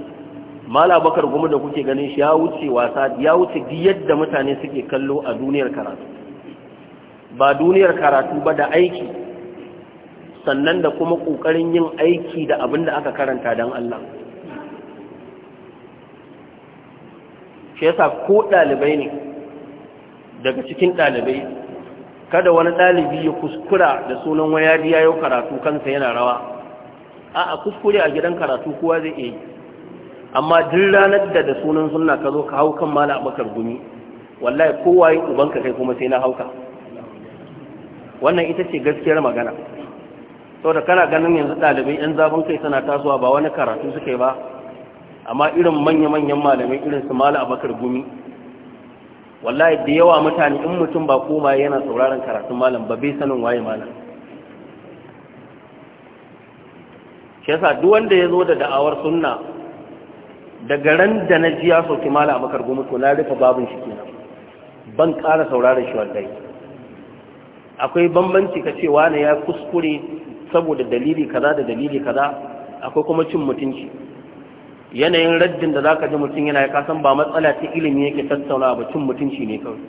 mala bakar goma da kuke ganin shi ya wuce wasa ya wuce yadda mutane suke kallo a duniyar karatu ba duniyar karatu ba da aiki sannan da kuma ƙoƙarin yin aiki da abin da aka karanta don Allah shi yasa ko ɗalibai ne daga cikin ɗalibai kada wani ɗalibi ya kuskura da sunan waya ya yau karatu kansa yana rawa a a kuskure a gidan karatu kowa zai iya yi amma duk ranar da da sunan suna ka zo ka hau kan mala abakar gumi wallahi kowa yi ubanka kai kuma sai na hauka wannan ita ce gaskiyar magana da kana ganin yanzu ɗalibai yan zafin kai suna tasowa ba wani karatu suke ba amma irin manya-manyan malamai irin su mala abakar gumi wallahi da yawa mutane in mutum ba koma yana sauraron karatun malam ba bai sanin waye malam shi yasa duk wanda ya zo da da'awar sunna daga ran da na ji ya sauki malam abakar gumi to na rufe babin shi kenan ban ƙara sauraron shi wallahi akwai bambanci ka ce wani ya kuskure saboda dalili kaza da dalili kaza akwai kuma cin mutunci yanayin raddin da zaka ji mutum yana ka san ba matsala ta ilimi yake tattauna ba cin mutunci ne kawai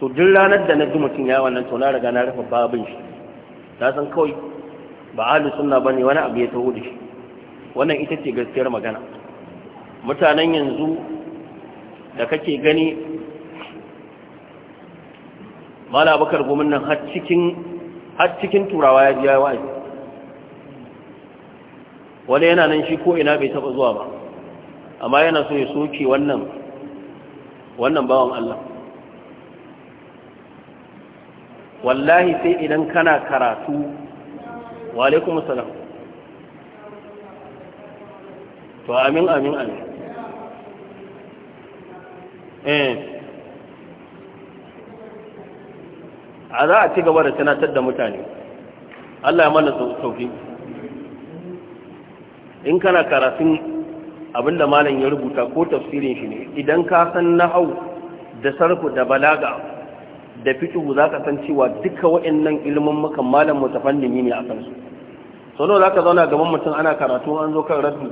to duk ranar da na ji mutum ya wannan to na riga na rufe babin shi na san kawai ba ahlus sunna bane wani abu ya taho da shi wannan ita ce gaskiyar magana mutanen yanzu da kake gani mala bakar gomin nan har cikin turawa ya biya wa'azi wani yana nan shi ko ina bai taba zuwa ba amma yana so ya soke wannan wannan bawan Allah wallahi sai idan kana karatu wa alaikum assalam to amin amin amin eh a za a ci gaba da tunatar da mutane Allah ya mana sauki in kana karatun abinda malam ya rubuta ko tafsirin shi ne idan ka san nahau da sarku da balaga da fituhu za ka san cewa duka waɗannan ilimin maka malam mutafannimi ne a kansu sono za ka zauna gaban mutum ana karatu an zo kan raddu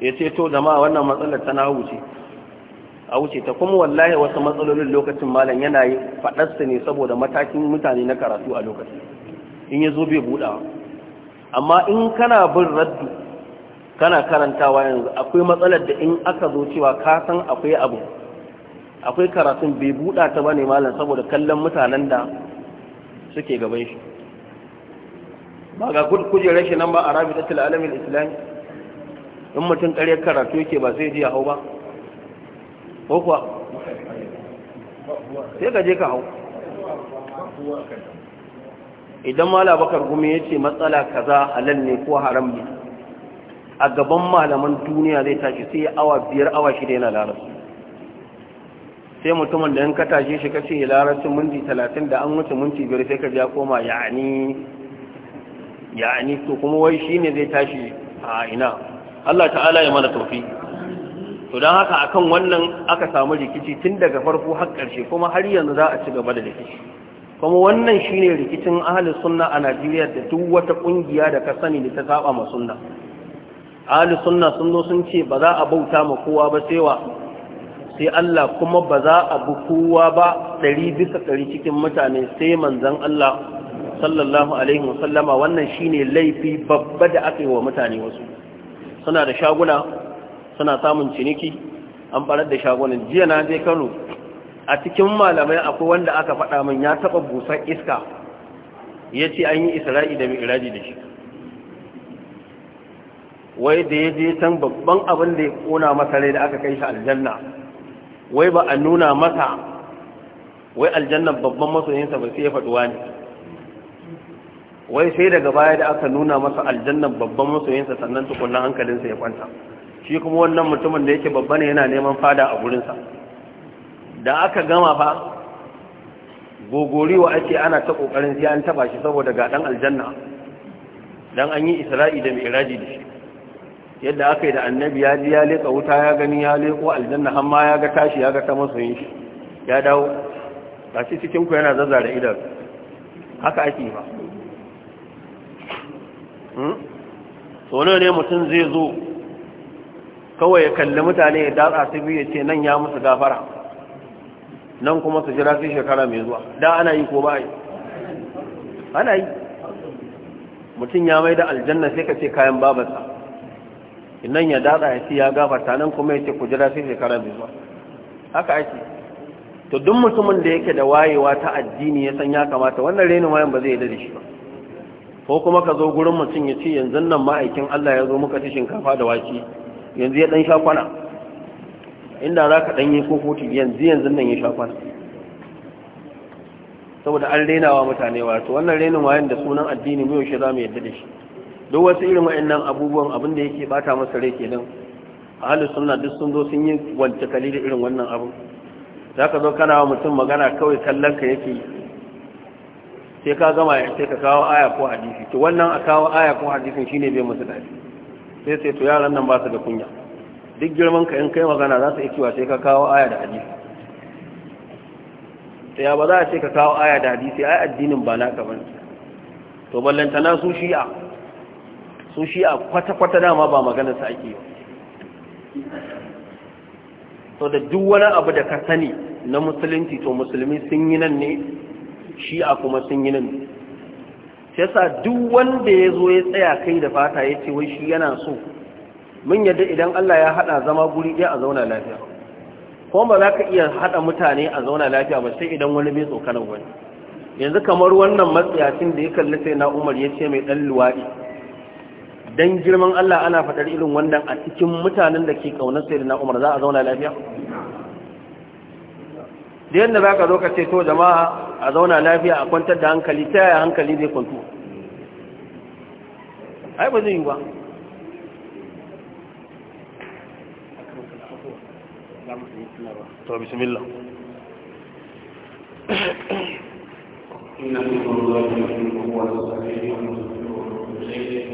ya ce to jama'a wannan matsalar ta nahu ce a wuce ta kuma wallahi wasu matsalolin lokacin malam yana yi faɗarsa ne saboda matakin mutane na karatu a lokacin in ya zo bai buɗawa amma in kana bin raddu kana karantawa yanzu akwai matsalar da in aka zo cewa ka san akwai abu akwai karatun bai buɗa ta bane malam saboda kallon mutanen da suke gaban shi ba ga kujerar shi nan ba a rabi tattal alamin islam in mutum ƙarya karatu yake ba sai ji ya hau ba ko kuwa sai ka je ka hau idan mala bakar gumi ya ce matsala kaza halal ne ko haram ne a gaban malaman duniya zai tashi sai ya awa biyar awa shida yana larabci sai mutumin da in ka shi shi kace ya larabci minti talatin da an wuce minti biyar sai ka ja koma ya'ani ya'ani to kuma wai shine zai tashi a ina Allah ta'ala ya mana taufi to don haka akan wannan aka samu rikici tun daga farko har ƙarshe kuma har yanzu za a ci gaba da rikici kuma wannan shine rikicin ahalin sunna a Najeriya da duk wata kungiya da ka sani da ta saba ma sunna ahli sunna sun zo sun ce ba za a bauta ma kowa ba sai wa sai Allah kuma ba za a bu kowa ba ɗari bisa ɗari cikin mutane sai manzon Allah sallallahu alaihi wasallama wannan shine laifi babba da aka yi wa mutane wasu suna da shaguna suna samun ciniki an barar da shagunan jiya na je Kano a cikin malamai akwai wanda aka faɗa min ya taɓa busar iska ya ce an yi isra'i da mi'raji da shi wai da ya je can babban abin da ya kona masa rai da aka kai shi aljanna wai ba a nuna masa wai aljannan babban masoyinsa ba sai ya faduwa ne wai sai daga baya da aka nuna masa aljannan babban masoyinsa sannan tukunan hankalinsa ya kwanta shi kuma wannan mutumin da yake babba ne yana neman fada a gurinsa da aka gama fa gogoriwa ake ana ta kokarin sai an taba shi saboda ga dan aljanna dan an yi isra'i da mi'raji da shi yadda aka yi da annabi ya ji ya leƙa wuta ya gani ya leƙo aljanna amma ya ga tashi ya ga ta masoyin shi ya dawo ba shi cikinku yana da idan haka ake ba hmm? sono ne mutum zai zo kawai ya kalli mutane ya datsa su biyu ya ce nan ya musu gafara nan kuma su jira sai shekara mai zuwa da ana yi ko ba yi ana yi mutum ya mai da aljanna sai ka ce kayan babarsa nan ya dada ya ci ya gabata nan kuma ya ce ku jira sai shekara biyu ba haka ake to duk mutumin da yake da wayewa ta addini ya san ya kamata wannan renin wayan ba zai yi da shi ba ko kuma ka zo gurin mutum ya ce yanzu nan ma'aikin Allah ya zo muka ci shinkafa da wake yanzu ya dan sha kwana inda za ka dan yi kokoti yanzu yanzu nan ya sha kwana saboda an renawa mutane wato wannan renin wayan da sunan addini mu yaushe za mu yarda da shi duk wasu irin wa'annan abubuwan abin da yake bata masa rai kenan halin sunna duk sun zo sun yi wance kali da irin wannan abu za ka zo kana wa mutum magana kawai kallon ka yake sai ka gama sai ka kawo aya ko hadisi to wannan a kawo aya ko hadisin shine bai musu dadi sai sai to yaran nan ba su da kunya duk girman ka in kai magana za su yi cewa sai ka kawo aya da hadisi Ta yaba ba za a ce ka kawo aya da hadisi ai addinin ba naka bane to na su shi'a su shi a kwata-kwata dama ba maganar sa ake so da duk wani abu da ka sani na musulunci to musulmi sun yi nan ne shi a kuma sun yi nan ne sa duk wanda ya zo ya tsaya kai da fata ya ce wai shi yana so mun yadda idan Allah ya haɗa zama guri ɗaya a zauna lafiya ko ba za ka iya haɗa mutane a zauna lafiya ba sai idan wani bai tsokanar wani yanzu kamar wannan matsayacin da ya kalli sai na umar ya ce mai ɗan luwaɗi dan girman Allah ana faɗar irin wannan a cikin mutanen da ke kaunar da Umar za a zauna lafiya da yadda za ka zo ka ce to jama'a a zauna lafiya a kwantar da hankali ta yaya hankali zai kwanto ai ba zai yi ba to bismillah إن الله يحبه ويستحييه ويستحييه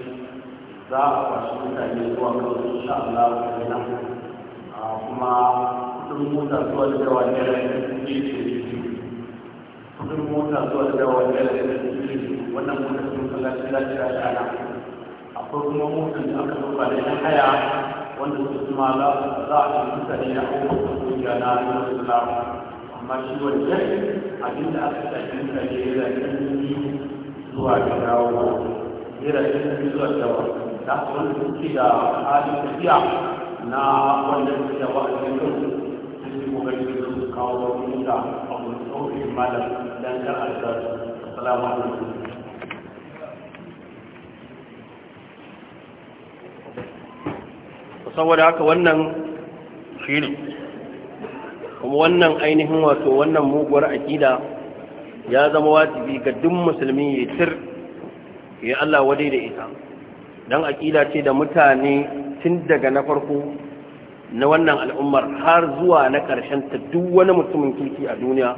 za a kwashi mutane zuwa kawai insha Allah ta nan ah, kuma kudin mota zuwa da dawa ne da kudin mota zuwa da dawa ne da wannan mota sun kallaci lafiya da akwai kuma motar da aka zuba da yan haya wanda su kuma za a yi mutane da su kungiya na Islam amma shi wajen abinda aka shafi mutane da yan zuwa da dawa ne da zuwa da dawa da haka wanda suke da halin tafiya na wanda suke da wa'azin yau sun yi kokari da su kawo wani da abu da tsohon malam dan kar a da salamu alaikum saboda haka wannan shi ne kuma wannan ainihin wato wannan muguwar aƙida ya zama wajibi ga duk musulmi ya tir ya Allah wadai da ita don aƙida ce da mutane tun daga na farko na wannan al'ummar har zuwa na ƙarshen ta duk wani mutumin kirki a duniya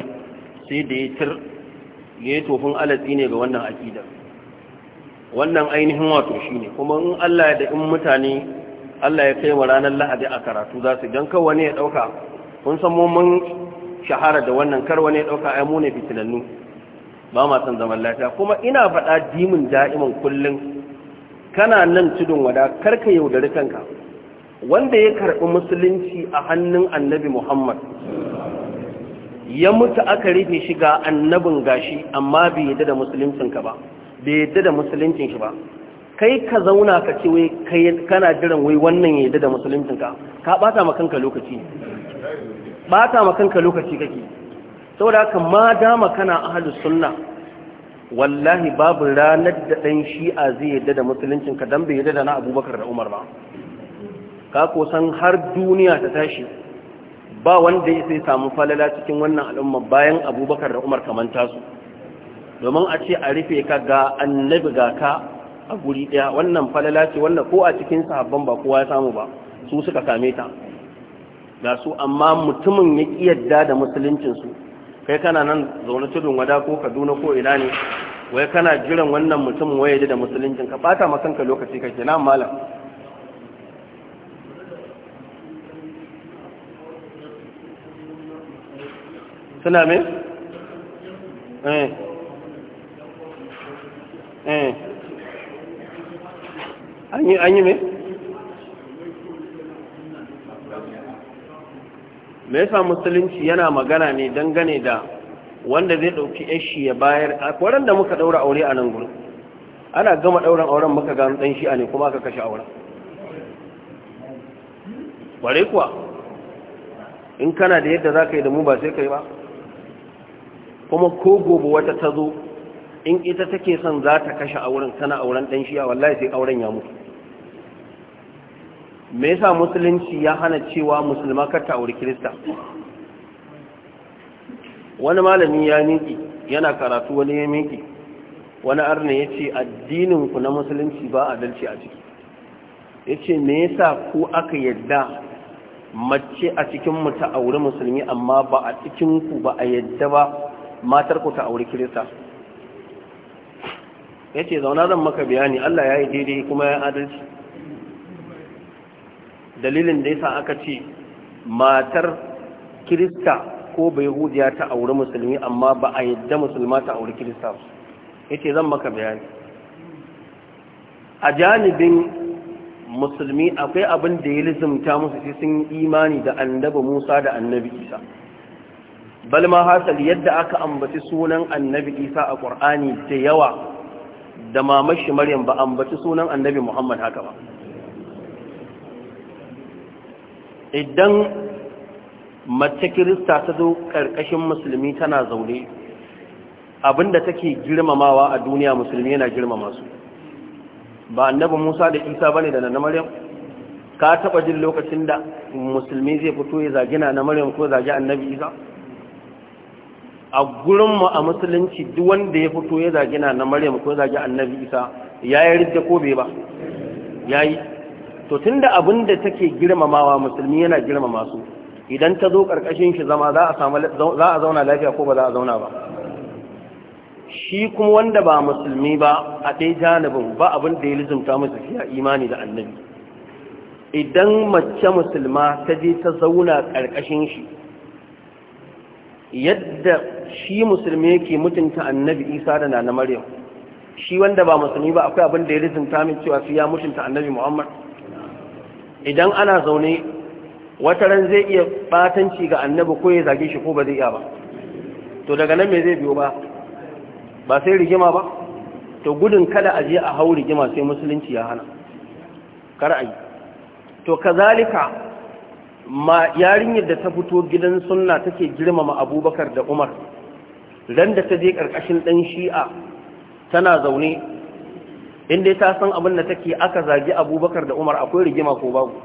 sai da ya tir ya yi tofin alatsi ne ga wannan aƙida. wannan ainihin wato shi ne kuma in allah ya da mutane allah ya kai wa ranar lahadi a karatu za su don kawo ne ya ɗauka kun san mun shahara da wannan kar wani ya ɗauka ai mu ne fitilannu ba ma san zaman lafiya kuma ina faɗa dimin da'imin kullum kana nan tudun wada karka yaudari kanka wanda ya karɓi musulunci a hannun annabi muhammad ya mutu aka rufe shi ga annabin gashi amma bai yadda da musuluncinka ba bai yadda da musuluncin shi ba kai ka zauna ka ce wai kai kana jiran wai wannan ya yadda da musuluncinka ka bata ma kanka lokaci bata ma kanka lokaci kake saboda haka ma dama kana ahlus sunna wallahi babu ranar da ɗan shi'a zai yadda da musuluncin ka dan bai yadda da na abubakar da umar ba ka kusan har duniya ta tashi ba wanda ya sai samu falala cikin wannan al'umma bayan abubakar da umar kamanta su domin a ce a rufe ka ga annabi ga ka a guri ɗaya wannan falala ce wanda ko a cikin sahabban ba kowa ya samu ba su suka same ta ga su amma mutumin ya ƙi yadda da musuluncinsu kai kana nan zaune tudun wada ko kaduna ko ina ne wai kana jiran wannan mutum waye da musuluncin ka bata ma kanka lokaci ka kina malam suna me eh eh an yi me me yasa musulunci yana magana ne dangane da wanda zai dauki shi ya bayar akwai da muka daura aure a nan gurin ana gama dauran auren muka gano dan a ne kuma aka kashe auren bare kuwa in kana da yadda zaka yi da mu ba sai kai ba kuma ko gobe wata ta zo in ita take son za ta kashe auren tana auren dan a wallahi sai auren ya mutu me yasa musulunci ya hana cewa musulma ka ta auri kirista wani malami ya miki yana karatu wani ya miki wani arna ya ce addininku na musulunci ba adalci a ciki ya ce me yasa ku aka yadda mace a cikin ta auri musulmi amma ba a cikinku ba a yadda ba matar ku ta auri kirista ya ce zauna zan maka bayani allah ya yi daidai kuma ya adalci dalilin da yasa aka ce matar kirista ko bai hudiya ta auri musulmi amma ba a yadda musulma ta auri kirista ce zan maka bayani a janibin musulmi akwai abin da ya lizumta musu sai sun imani da annabi Musa da annabi Isa bal ma hasal yadda aka ambaci sunan annabi Isa a Qur'ani da yawa da mamashi Maryam ba ambaci sunan annabi Muhammad haka ba idan mace kirista ta zo ƙarƙashin musulmi tana zaune abinda take girmamawa a duniya musulmi yana girmama su ba annabi musa da isa bane da na maryam ka taɓa jin lokacin da musulmi zai fito ya zagi na maryam ko zagi annabi isa a gurinmu a musulunci duk wanda ya fito ya zagi na maryam ko zagi annabi isa ya yi ridda ko bai ba ya yi to tunda abin da take girmamawa musulmi yana girmama su idan ta zo ƙarƙashin shi zama za a zauna lafiya ko ba za a zauna ba shi kuma wanda ba musulmi ba a ɗai janibin ba abin da ya lizumta musu fiya imani da annabi idan mace musulma ta je ta zauna ƙarƙashin shi yadda shi musulmi yake mutunta annabi isa da na maryam shi wanda ba musulmi ba akwai abin da ya lizumta min cewa fiya mutunta annabi muhammad idan ana zaune wata ran zai iya batanci ga annabi ko ya zage shi ko ba zai iya ba to daga nan me zai biyo ba ba sai rigima ba to gudun kada a je a hau rigima sai musulunci ya hana kar'ayi to kazalika ma yarinyar da ta fito gidan sunna take girmama abubakar da umar ran da ta je karkashin dan shi'a tana zaune in dai ta san abin da take aka zagi abubakar da umar akwai rigima ko babu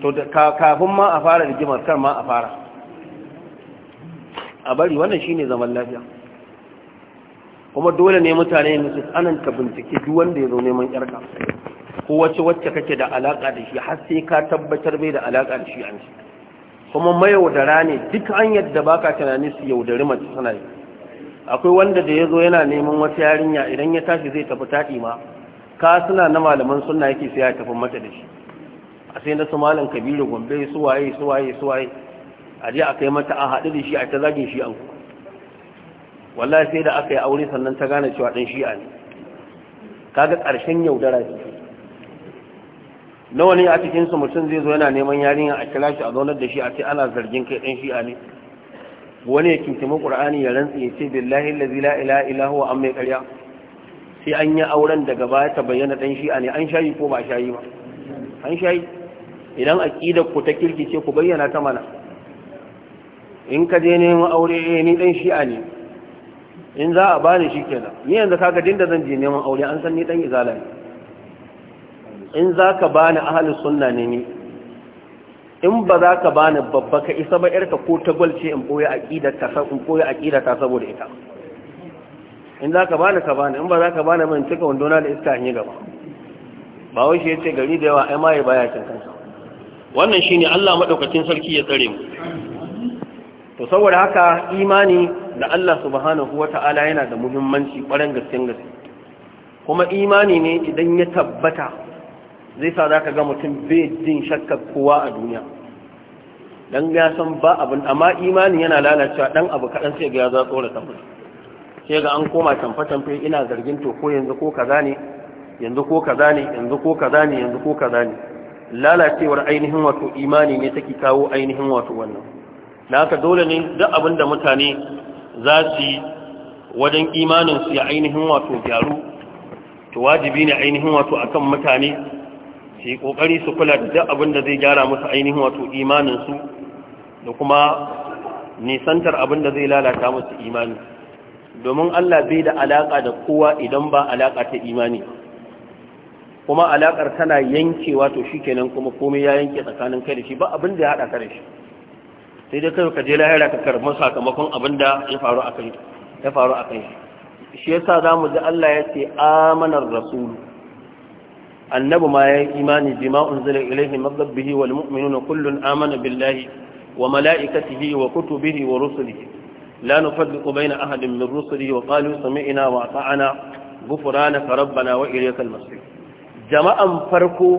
to kafin ma a fara rigimar kan ma a fara a bari wannan shine zaman lafiya kuma dole ne mutane ne su tsananta bincike duk wanda ya zo neman yarka ko wacce wacce kake da alaka da shi har sai ka tabbatar bai da alaka da shi an shi kuma mayaudara ne duk an yadda baka tunani su yaudari mace suna akwai wanda da ya zo yana neman wata yarinya idan ya tashi zai tafi taɗi ma ka suna na malaman suna yake sai ya tafi mata da shi a sai na su malam kabiru gombe su waye su waye su waye a je a yi mata a haɗu da shi a ta zagin shi an ku. wallahi sai da aka yi aure sannan ta gane cewa ɗan shi'a ne kaga ƙarshen yaudara shi nawa ne a cikinsu mutum zai zo yana neman yarinya a kira shi a zaunar da shi a ce ana zargin kai ɗan shi'a ne wani ya kinkimi qur'ani ya rantsi ya ce billahi allazi la ilaha illa huwa amma ƙarya sai an yi auren daga baya ta bayyana dan a ne an shayi ko ba shayi ba an shayi idan ƙida ku ta kirki ce ku bayyana ta mana in ka je neman aure eh, ni dan a ne in za a bani shi kenan ni yanzu kaga din da zan je neman aure an san ni dan izala ne in za ka bani ahli sunna ne ni in ba za ka bani babba ka isa ba yarka ko ta gwalce in boye aqidar ta in ta saboda ita in za ka bani ka bani in ba za ka bani ban cika wandona da iska hanye gaba ba wai shi yace gari da yawa ai mai baya cin kansa wannan shine Allah madaukakin sarki ya tsare mu to saboda haka imani da Allah subhanahu wata'ala yana da muhimmanci ƙwarar gaskiyar gaske kuma imani ne idan ya tabbata zai sa za ka ga mutum bai jin shakkar kowa a duniya dan ya san ba abin amma imanin yana lalacewa dan abu kaɗan sai ga ya za tsoron ta sai ga an koma tamfe-tamfe ina zargin to ko yanzu ko kaza ne yanzu ko kaza ne yanzu ko kaza ne yanzu ko kaza ne lalacewar ainihin wato imani ne take kawo ainihin wato wannan na haka dole ne duk abin da mutane za su yi wajen imanin su ya ainihin wato gyaru to wajibi ne ainihin wato akan mutane su yi kokari su kula da duk abin da zai gyara musu ainihin wato imanin su da kuma nisantar abin da zai lalata musu imani domin Allah bai da alaka da kowa idan ba alaka ta imani kuma alakar tana yankewa to shikenan kuma komai ya yanke tsakanin kai da shi ba abin da ya hada ka da shi sai dai kai ka je lahira ka karɓi sakamakon abin da ya faru a kai ya faru a kai shi yasa zamu ji Allah ya ce amanar rasulu annabi ma ya yi imani bima unzila ilaihi mabbihi wal mu'minuna kullun amana billahi wa mala'ikatihi wa kutubihi wa rusulihi la nufarriqu baina ahadin min rusulihi wa qalu sami'na wa ata'na ghufranaka rabbana wa ilaykal masir jama'an farko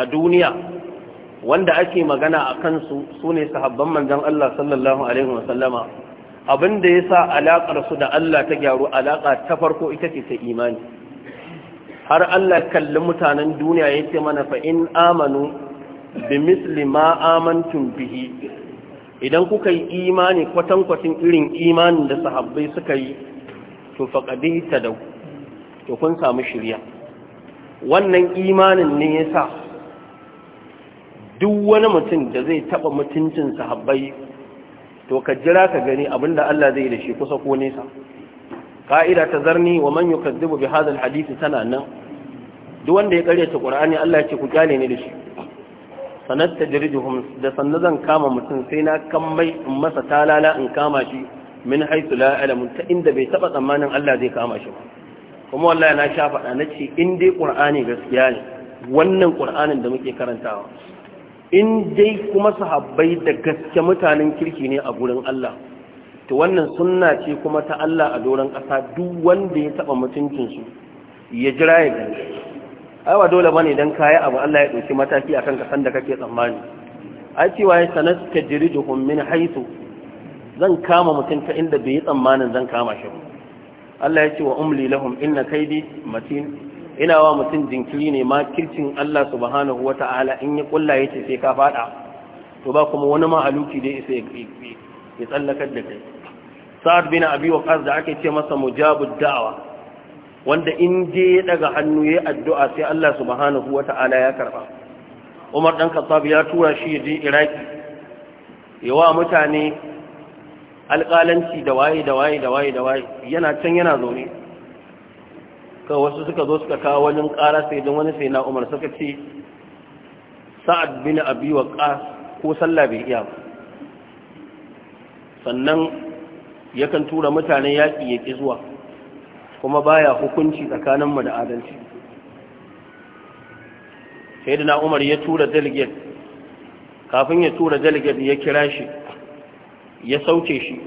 a duniya wanda ake magana a kansu sune sahabban manzon Allah sallallahu alaihi wa sallama abinda yasa alakar su da Allah ta gyaru alaka ta farko ita ce ta imani har Allah kalli mutanen duniya ya ce mana fa amanu bi misli ma bihi idan kuka yi imani kwatankwacin irin imanin da sahabbai suka yi to faƙaɗi ta da to kun samu shirya wannan imanin ne ya sa duk wani mutum da zai taɓa mutuncin sahabbai to ka jira ka gani abinda Allah zai da shi kusa ko nesa ka'ida ta zarni wa man yukazzibu bi hadha hadisi tana nan duk wanda ya karyata qur'ani Allah ya ce ku kyale ne da shi sanat tajrijuhum da sanna kama mutum sai na kammai in masa talala in kama shi min haythu la alamu ta inda bai taba tsammanin Allah zai kama shi ba kuma wallahi na sha faɗa na ce in dai qur'ani gaskiya ne wannan qur'anin da muke karantawa in dai kuma sahabbai da gaske mutanen kirki ne a gurin Allah to wannan sunna ce kuma ta Allah a doron ƙasa duk wanda ya taɓa mutuncinsu ya jira ya gani ai ba dole bane dan kaya abu Allah ya ɗauki mataki akan san da kake tsammani ai cewa ya sanasta jirijuhum min haythu zan kama mutum ta inda bai yi tsammanin zan kama shi Allah ya ce wa umli lahum inna kaidi matin ina wa mutum jinkiri ne ma kircin Allah subhanahu wata'ala in ya kulla yace sai ka fada to ba kuma wani mahaluki dai isa ya tsallakar da kai sa'ad bin abi ƙas da ake ce masa mujabud da'awa. wanda in je daga hannu yi addu'a sai Allah su subhanahu ta'ala ya karba Umar ɗan Khattab ya tura shi yaje Iraki Ya wa mutane alƙalanci da waye da waye da waye da waye yana can yana zaune ka wasu suka zo suka kawo wajen ƙara sai don wani sai na Umar suka ce sa'ad bin abi ƙas ko sallah bai iya ba sannan yakan tura mutane yaƙi ya ƙi zuwa kuma baya hukunci tsakaninmu da adalci sai da umar ya tura delegate kafin ya tura delegate ya kira shi ya sauke shi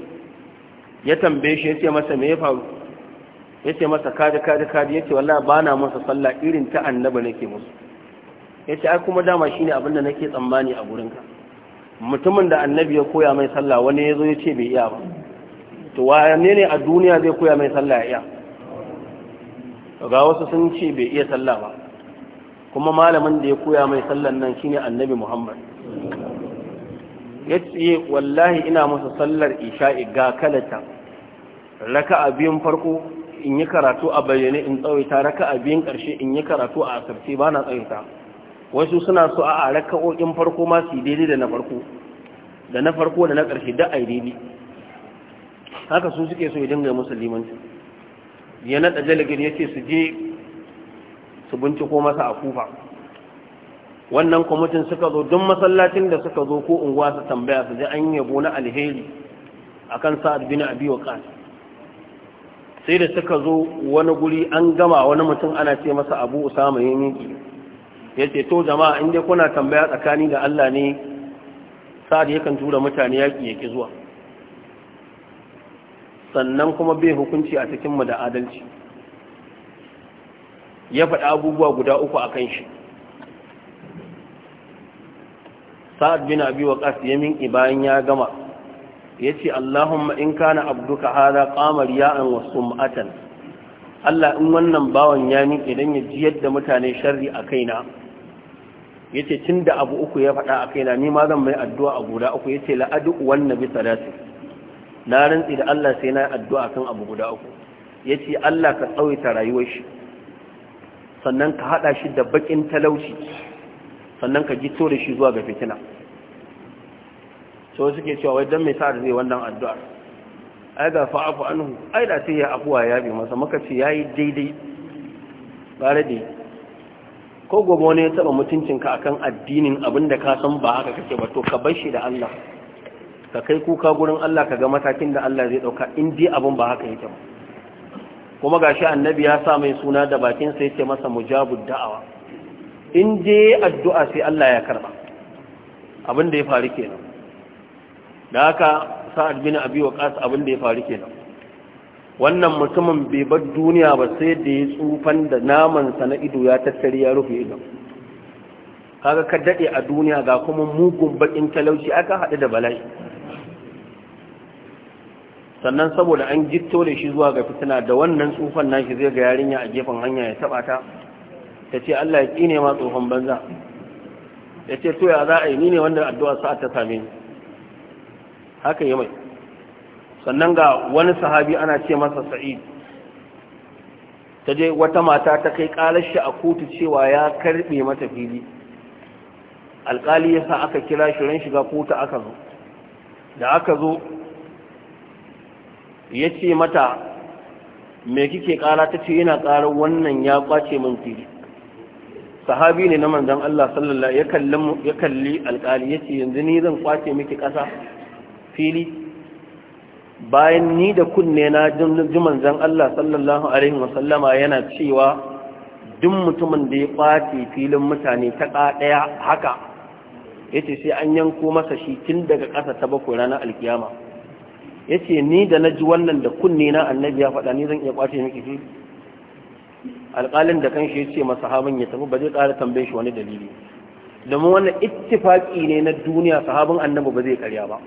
ya tambaye shi ya ce masa me ya faru ya ce masa kaji kaji kaji ya ce wallah ba na masa sallah irin ta annaba nake musu ya ce ai kuma dama shi abin da nake tsammani a gurinka mutumin da annabi ya koya mai sallah wani ya zo ya ce bai iya ba to wane ne a duniya zai koya mai sallah ya iya ga wasu sun ce bai iya sallah ba kuma malamin da ya koya mai sallan nan shine annabi muhammad ya ce wallahi ina masa sallar isha'i ga kalata raka a biyun farko in yi karatu a bayyane in tsawaita raka a biyun ƙarshe in yi karatu a asirce ba na tsawaita wasu suna so a raka'o'in farko ma su daidai da na farko da na farko da na ƙarshe da a daidai haka su suke so ya dinga musu limanci ya nada jalagin ya ce su je su binciko masa a kufa wannan kwamitin suka zo don masallacin da suka zo ko unguwa su tambaya su ji an yabo na alheri a kan sa'ad bin abi wa sai da suka zo wani guri an gama wani mutum ana ce masa abu usama yin yanki ya ce to jama'a inda kuna tambaya tsakani da allah ne sa'ad yakan tura mutane yaƙi ya ƙi zuwa sannan kuma bai hukunci a cikinmu da adalci ya faɗi abubuwa guda uku a kan shi sa'ad bin abi waqas yamin ibayan ya gama Ya yace Allahumma in kana abduka hada ƙamar ya'an wasu ma’atan Allah in wannan bawan ya ni idan ya ji yadda mutane shari a kaina tun da abu uku ya faɗa a kaina ni ma zan mai addu'a a guda uku Ya ce, la'adu na bisa dasi na rantsi da Allah sai na addu'a kan abu guda uku yace Allah ka tsawaita rayuwar shi sannan ka hada shi da bakin talauci sannan ka gito da shi zuwa ga fitina so suke cewa wai dan me sa zai wannan addu'a ai fa afu anhu ai da sai ya afuwa ya bi masa maka ce yayi daidai bare dai ko gobe wani ya taba mutuncinka akan addinin abinda ka san ba haka kake ba to ka bar shi da Allah ka kai kuka gurin Allah ka ga matakin da Allah zai ɗauka, in ji abin ba haka yake ba kuma gashi annabi ya sa mai suna da bakinsa sa yake masa mujabud da'awa in je addu'a sai Allah ya karba abin da ya faru kenan da haka sa'ad bin abi waqas abin da ya faru kenan wannan mutumin bai bar duniya ba sai da ya tsufan da naman sa na ido ya tattari ya rufe ido kaga ka dade a duniya ga kuma mugun bakin talauci aka hadu da bala'i sannan saboda an gitto da shi zuwa ga fitina da wannan tsufan nashi zai ga yarinya a gefen hanya ya taba ta ta ce Allah ya kine ma tsohon banza ya ce to ya za a yi ni ne wanda addu'a sa'ad ta same ni haka yi mai sannan ga wani sahabi ana ce masa sa'id ta je wata mata ta kai kalar shi a kotu cewa ya karbe mata fili alkali ya sa aka kira shi ran shiga kotu aka zo da aka zo ya ce mata me kike kara ta ce yana kara wannan ya kwace min fili sahabi ne na manzon Allah sallallahu ya kalli ya kalli yace yanzu ni zan kwace miki ƙasa fili bayan ni da kunne na ji manzon Allah sallallahu alaihi wasallama yana cewa duk mutumin da ya kwace filin mutane ta ɗaya haka yace sai an yanko masa shi tun daga ƙasa ta bakwai ranar alkiyama yace ni da na ji wannan da kunne na annabi ya faɗa ni zan iya kwace miki shi alƙalin da kanshi yace masa sahaban ya tafi ba zai ƙara tambaye shi wani dalili domin wannan ittifaqi ne na duniya sahabin annabi ba zai ƙarya ba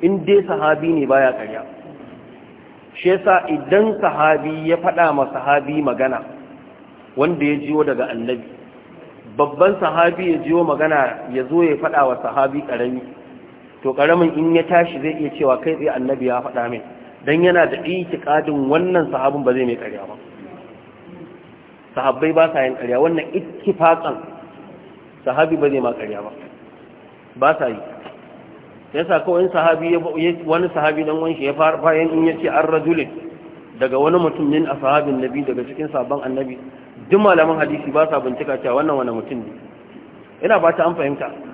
in dai sahabi ne baya ƙarya shi yasa idan sahabi ya faɗa ma sahabi magana wanda ya jiwo daga annabi babban sahabi ya jiwo magana ya zo ya faɗa wa sahabi ƙarami to karamin in ya tashi zai iya cewa kai tsaye annabi ya faɗa min Don yana da ƙadin wannan sahabin ba zai mai ƙarya ba sahabbai ba sa yin ƙarya wannan iki fatsan sahabi ba zai ma ƙarya ba ba sa yi sa kawai sahabi wani sahabi don wanshi ya fara bayan in ya ce an rajulin daga wani mutum min sahabin nabi daga cikin sabon annabi duk malaman hadisi ba sa bincika cewa wannan wani mutum ne ina ba ta an fahimta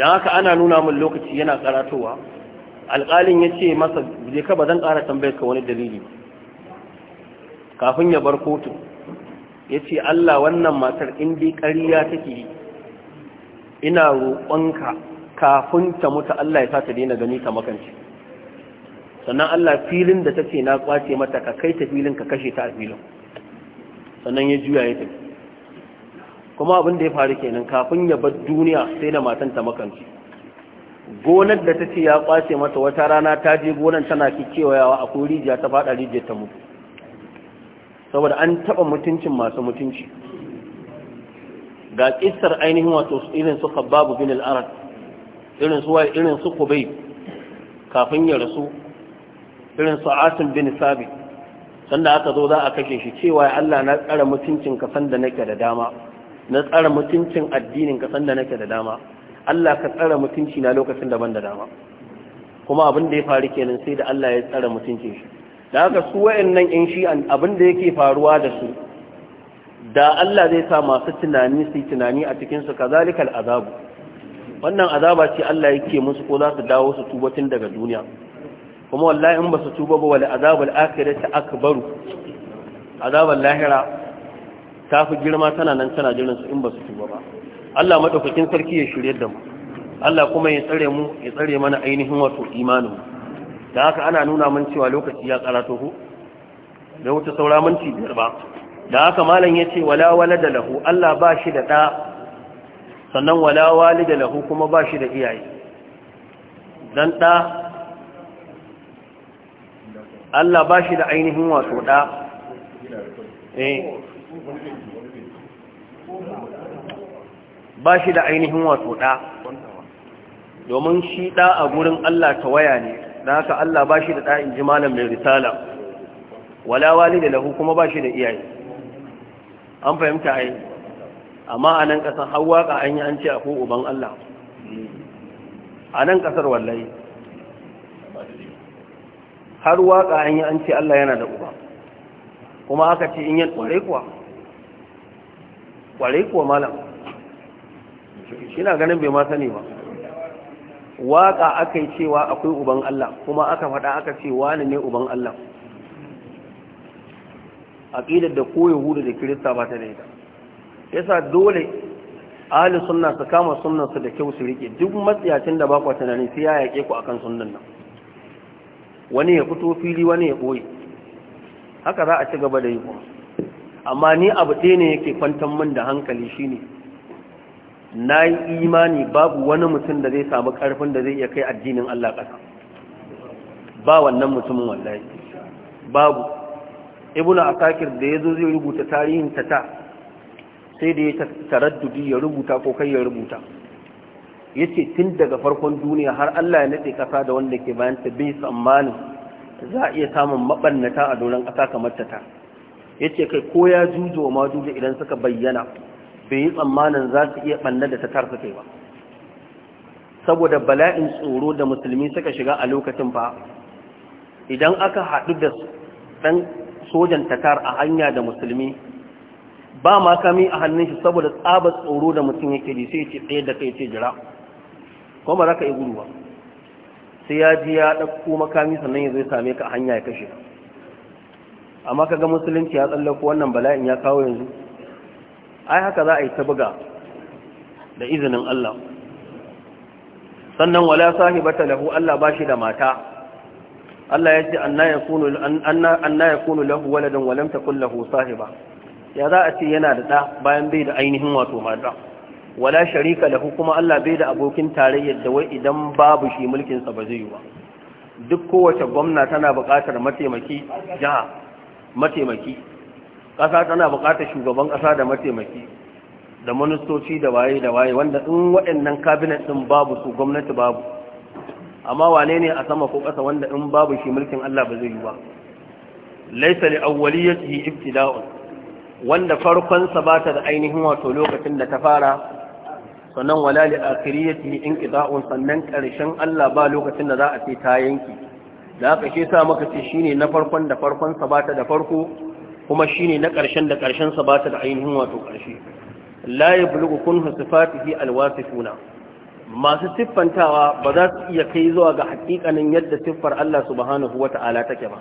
Dan haka ana nuna min lokaci yana karatowa alƙalin ya ce masa je ka ba zan ƙara tambayar ka wani dalili kafin ya bar kotu ya ce Allah wannan matar in dai ƙariya take ina roƙonka kafin ta mutu Allah ya sa ta daina gani ta makance sannan Allah filin da take na kwace mata ka kai ta filin ka kashe ta a filin sannan ya juya ya tafi kuma abin da ya faru kenan kafin ya bar duniya sai da matanta ta makanci gonar da ta ce ya kwace mata wata rana ta je gonar tana ki kewayawa a rijiya ta fada rijiyar ta mutu saboda an taba mutuncin masu mutunci ga kissar ainihin wato irin su khababu bin al-arad irin su irin su kubay kafin ya rasu irin su asim bin sabit sanda aka zo za a kashe shi cewa Allah na tsara mutuncin kasan sanda nake da dama na tsara mutuncin addinin ka sanda nake da dama Allah ka tsara mutunci na lokacin da ban da dama kuma abin da ya faru kenan sai da Allah ya tsara mutuncin shi da haka su wayannan yan shi abin da yake faruwa da su da Allah zai sa masu tunani su tunani a cikin su kazalikal azabu wannan azaba ce Allah yake musu ko za su dawo su tuba tun daga duniya kuma wallahi in ba su tuba ba wal azabul akhirati akbaru azabul lahira ta fi girma tana nan tana jirin su in ba su tuba ba Allah madaukakin sarki ya shirye da mu Allah kuma ya tsare mu ya tsare mana ainihin wato imanin da haka ana nuna mun cewa lokaci ya karato ku da wuce saura minti biyar ba da haka malam ya ce wala walada lahu Allah ba shi da ɗa sannan wala walida lahu kuma ba shi da iyaye dan ɗa Allah ba shi da ainihin wato ɗa eh ba shi da ainihin wato ɗa domin shi ɗa a gurin Allah ta waya ne da haka Allah ba shi da ɗa in ji malam mai risala wala wali da lahu kuma ba shi da iyaye an fahimta ai amma a nan ƙasar ka an yi an ce a ko uban Allah a nan ƙasar wallahi har waka an yi an ce Allah yana da uba kuma aka ce in yi ƙwarai kuwa kwarai kuwa malam ina ganin bai ma sani ba waka aka cewa akwai uban Allah kuma aka faɗa aka ce wani ne uban Allah aqidar da ko yahudu da kirista ba ta da ita yasa dole ahli sunna su kama sunnan su da kyau su rike duk matsiyacin da ba ku tunani sai ya yake ku akan sunnan nan wani ya fito fili wani ya boye haka za a ci gaba da yi kuma amma ni abu ɗaya ne yake kwantar min da hankali shi ne na yi imani babu wani mutum da zai samu ƙarfin da zai iya kai addinin Allah ƙasa ba wannan mutumin wallahi babu ibn asakir da ya zo zai rubuta tarihin ta ta sai da ya taraddudi ya rubuta ko kai ya rubuta ya ce tun daga farkon duniya har Allah ya natse ƙasa da wanda ke bayan ta bai tsammanin za a iya samun maɓannata a doron ƙasa kamar ta ta Ya ce kai ko ya jujo ma jujo idan suka bayyana bai yi tsammanin za su iya ɓanna da ta tarsa kai ba saboda bala'in tsoro da musulmi suka shiga a lokacin fa idan aka haɗu da ɗan sojan tatar a hanya da musulmi ba ma kami a hannun shi saboda tsabar tsoro da mutum yake da sai ce ɗaya da kai ce jira kuma za ka yi gudu ba sai ya ji ya ɗauko makami sannan ya zai same ka a hanya ya kashe amma kaga musulunci ya tsallako wannan bala'in ya kawo yanzu ai haka za a yi ta buga da izinin Allah sannan wala sahibata lahu Allah bashi da mata Allah ya ce anna yakunu anna anna yakunu lahu waladun wa lam takul lahu sahiba ya za a ce yana da da bayan bai da ainihin wato mata wala sharika lahu kuma Allah bai da abokin tarayyar da wai idan babu shi mulkin sa ba zai yi ba duk kowace gwamna tana buƙatar mataimaki jaha mataimaki ƙasa tana buƙatar shugaban ƙasa da mataimaki da ministoci da waye da waye wanda in waɗannan kabinet ɗin babu su gwamnati babu amma wane ne a sama ko ƙasa wanda in babu shi mulkin Allah ba zai yi ba laisa li awwaliyatihi ibtida'un wanda farkon sa ba ta da ainihin wato lokacin da ta fara sannan wala li akhiriyatihi inqita'un sannan ƙarshen Allah ba lokacin da za a ce ta yanki da aka ke sa muka ce shine na farkon da farkon sa bata da farko kuma shine na ƙarshen da ƙarshen sa bata da ainihin wato ƙarshe la yablughu kunhu sifatihi alwasifuna masu siffantawa ba za su iya kai zuwa ga hakikanin yadda siffar Allah subhanahu wata'ala take ba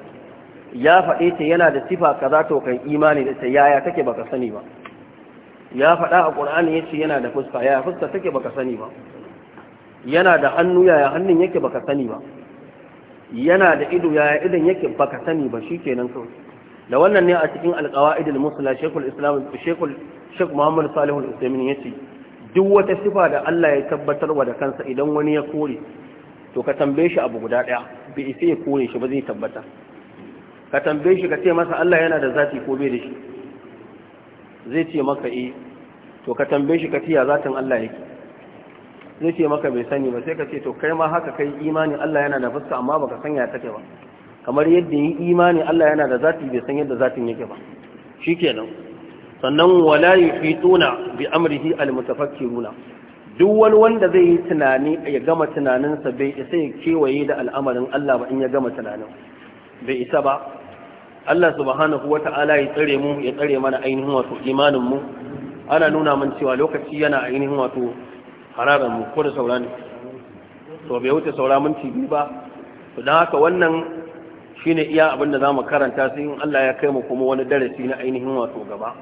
ya faɗe ta yana da sifa kaza to kai imani da ta yaya take baka sani ba ya faɗa a ƙur'ani yace yana da fuska yaya fuska take baka sani ba yana da hannu yaya hannun yake baka sani ba yana da ido yaya idan yake baka sani ba shi kenan kawai da wannan ne a cikin alqawaidul musla shaykhul islam shaykhul shaykh muhammad salih al-usaymin yace duk wata sifa da Allah ya tabbatar wa da kansa idan wani ya kore to ka tambaye shi abu guda daya bi isa ya kore shi ba zai tabbata ka tambaye shi ka ce masa Allah yana da zati ko bai da shi zai ce maka eh to ka tambaye shi ka ce ya zatin Allah yake zai ce maka bai sani ba sai ka ce to kai ma haka kai imani Allah yana da fuska amma baka san ya take ba kamar yadda yi imani Allah yana da zati bai san yadda zatin yake ba shikenan sannan wala yuhituna bi amrihi almutafakkiruna duk wani wanda zai yi tunani ya gama tunaninsa bai isa ya kewaye da al'amarin Allah ba in ya gama tunanin bai isa ba Allah subhanahu wata'ala ya tsare mu ya tsare mana ainihin wato imanin mu ana nuna mun cewa lokaci yana ainihin wato hararan mu ko da saura ne to bai wuce saura mun biyu ba to dan haka wannan shine iya abin da za karanta sai in Allah ya kai mu kuma wani darasi na ainihin wato gaba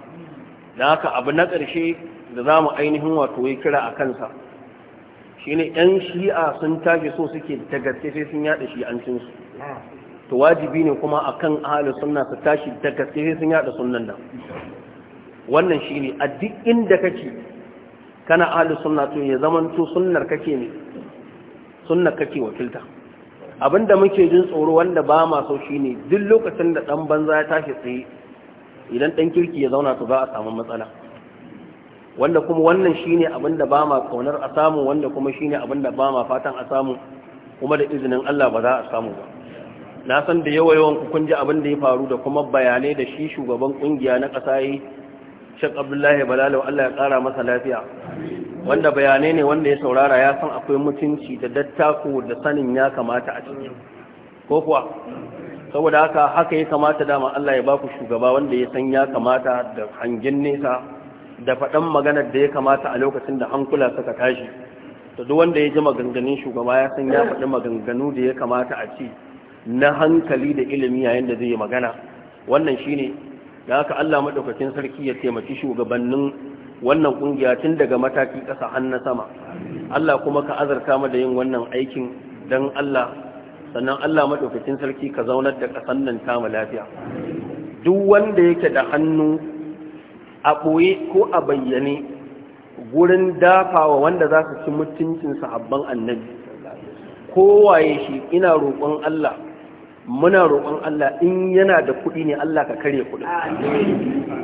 dan haka abu na ƙarshe da zamu ainihin wato ya kira a kansa shine yan shi'a sun tashi so suke da gaske sai sun yada shi'ancinsu to wajibi ne kuma akan ahli sunna su tashi da gaske sai sun yada sunnan nan wannan shine a duk inda kake kana ahli sunna to ya zaman to sunnar kake ne sunnar kake wakilta abinda muke jin tsoro wanda ba ma so shine duk lokacin da dan banza ya tashi tsaye idan dan kirki ya zauna to za a samu matsala wanda kuma wannan shine abinda ba ma kaunar a samu wanda kuma shine abinda ba ma fatan a samu kuma da izinin Allah ba za a samu ba na san da yawa yawan kun ji abin da ya faru da kuma bayanai da shi shugaban kungiya na ƙasa yi shek abdullahi Balalu allah ya kara masa lafiya wanda bayanai ne wanda ya saurara ya san akwai mutunci da dattako da sanin ya kamata a ciki ko kuwa saboda haka haka ya kamata dama allah ya baku shugaba wanda ya san ya kamata da hangin nesa da faɗan maganar da ya kamata a lokacin da hankula suka tashi da duk wanda ya ji maganganun shugaba ya san ya faɗi maganganu da ya kamata a ci na hankali da ilimi yayin da zai yi magana wannan shine da haka Allah madaukakin sarki ya taimaki shugabannin wannan kungiya tun daga mataki ƙasa har na sama Allah kuma ka azarta mu da yin wannan aikin dan Allah sannan Allah madaukakin sarki ka zaunar da ƙasar nan ta mu lafiya duk wanda yake da hannu a ɓoye ko a bayyane gurin dafawa wanda za su ci mutuncin sahabban annabi kowaye shi ina roƙon Allah muna roƙon Allah in yana da kuɗi ne Allah ka kare kuɗi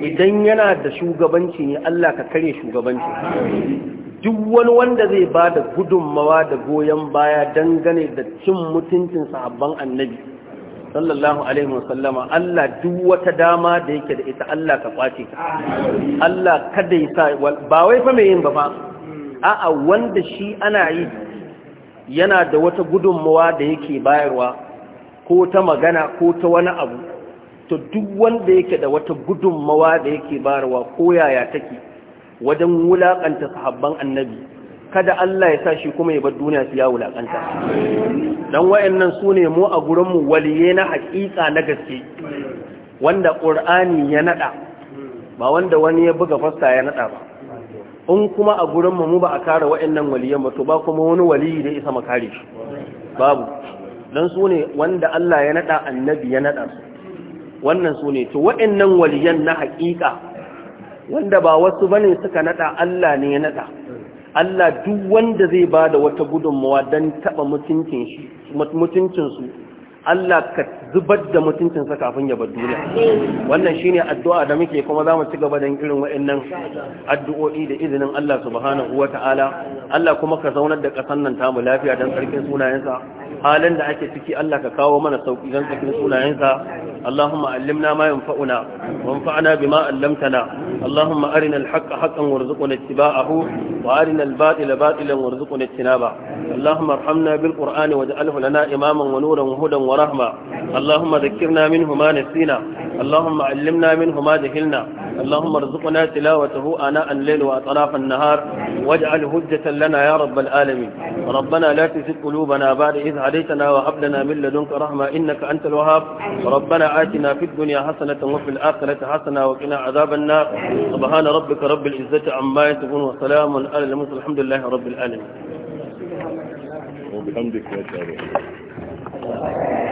idan yana da shugabanci ne Allah ka kare shugabanci duk wani wanda zai ba da gudunmawa da goyon baya dangane da cin mutuncin sahabban annabi sallallahu alaihi wasallama Allah duk wata dama da yake da ita Allah ka kwace ta Allah kada ya sa ba wai fa mai yin ba fa a'a wanda shi ana yi yana da wata gudunmawa da yake bayarwa ko ta magana ko ta wani abu to duk wanda yake da wata gudunmawa da yake barawa ko yaya take wajen wulakanta sahabban annabi kada Allah ya sa shi kuma ya bar duniya su ya wulakanta dan wayannan sune ne mu a gurin mu waliye na hakika na gaske wanda qur'ani ya nada ba wanda wani ya buga fasta ya nada ba in kuma a gurin mu ba a kare wayannan waliyan ba to ba kuma wani waliyi da isa makare shi babu dan su ne wanda Allah ya nada annabi ya nada su wannan su ne to waɗannan waliyan na haƙiƙa wanda ba wasu bane suka naɗa, Allah ne ya nada Allah duk wanda zai ba da wata gudunmawa don taɓa mutuncin su Allah ka zubar da mutuncinsa kafin ya bar duniya wannan shine addu'a da muke kuma za mu ci gaba da irin waɗannan addu'o'i da izinin Allah subhanahu wata'ala Allah kuma ka zaunar da ƙasar nan tamu lafiya don sarkin sunayensa halin da ake ciki Allah ka kawo mana sauki don sarkin sunayensa اللهم علمنا ما ينفعنا وانفعنا بما علمتنا اللهم أرنا الحق حقا وارزقنا اتباعه وأرنا الباطل باطلا وارزقنا اجتنابه اللهم ارحمنا بالقرآن واجعله لنا إماما ونورا وهدى ورحمة اللهم ذكرنا منه ما نسينا اللهم علمنا منه ما جهلنا اللهم ارزقنا تلاوته آناء الليل وأطراف النهار واجعل هجة لنا يا رب العالمين ربنا لا تزد قلوبنا بعد إذ هديتنا وهب لنا من لدنك رحمة إنك أنت الوهاب ربنا آتنا في الدنيا حسنة وفي الآخرة حسنة وقنا عذاب النار سبحان ربك رب العزة عما يصفون وسلام على المرسلين الحمد لله رب العالمين وبحمدك يا شارع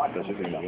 haka shi ne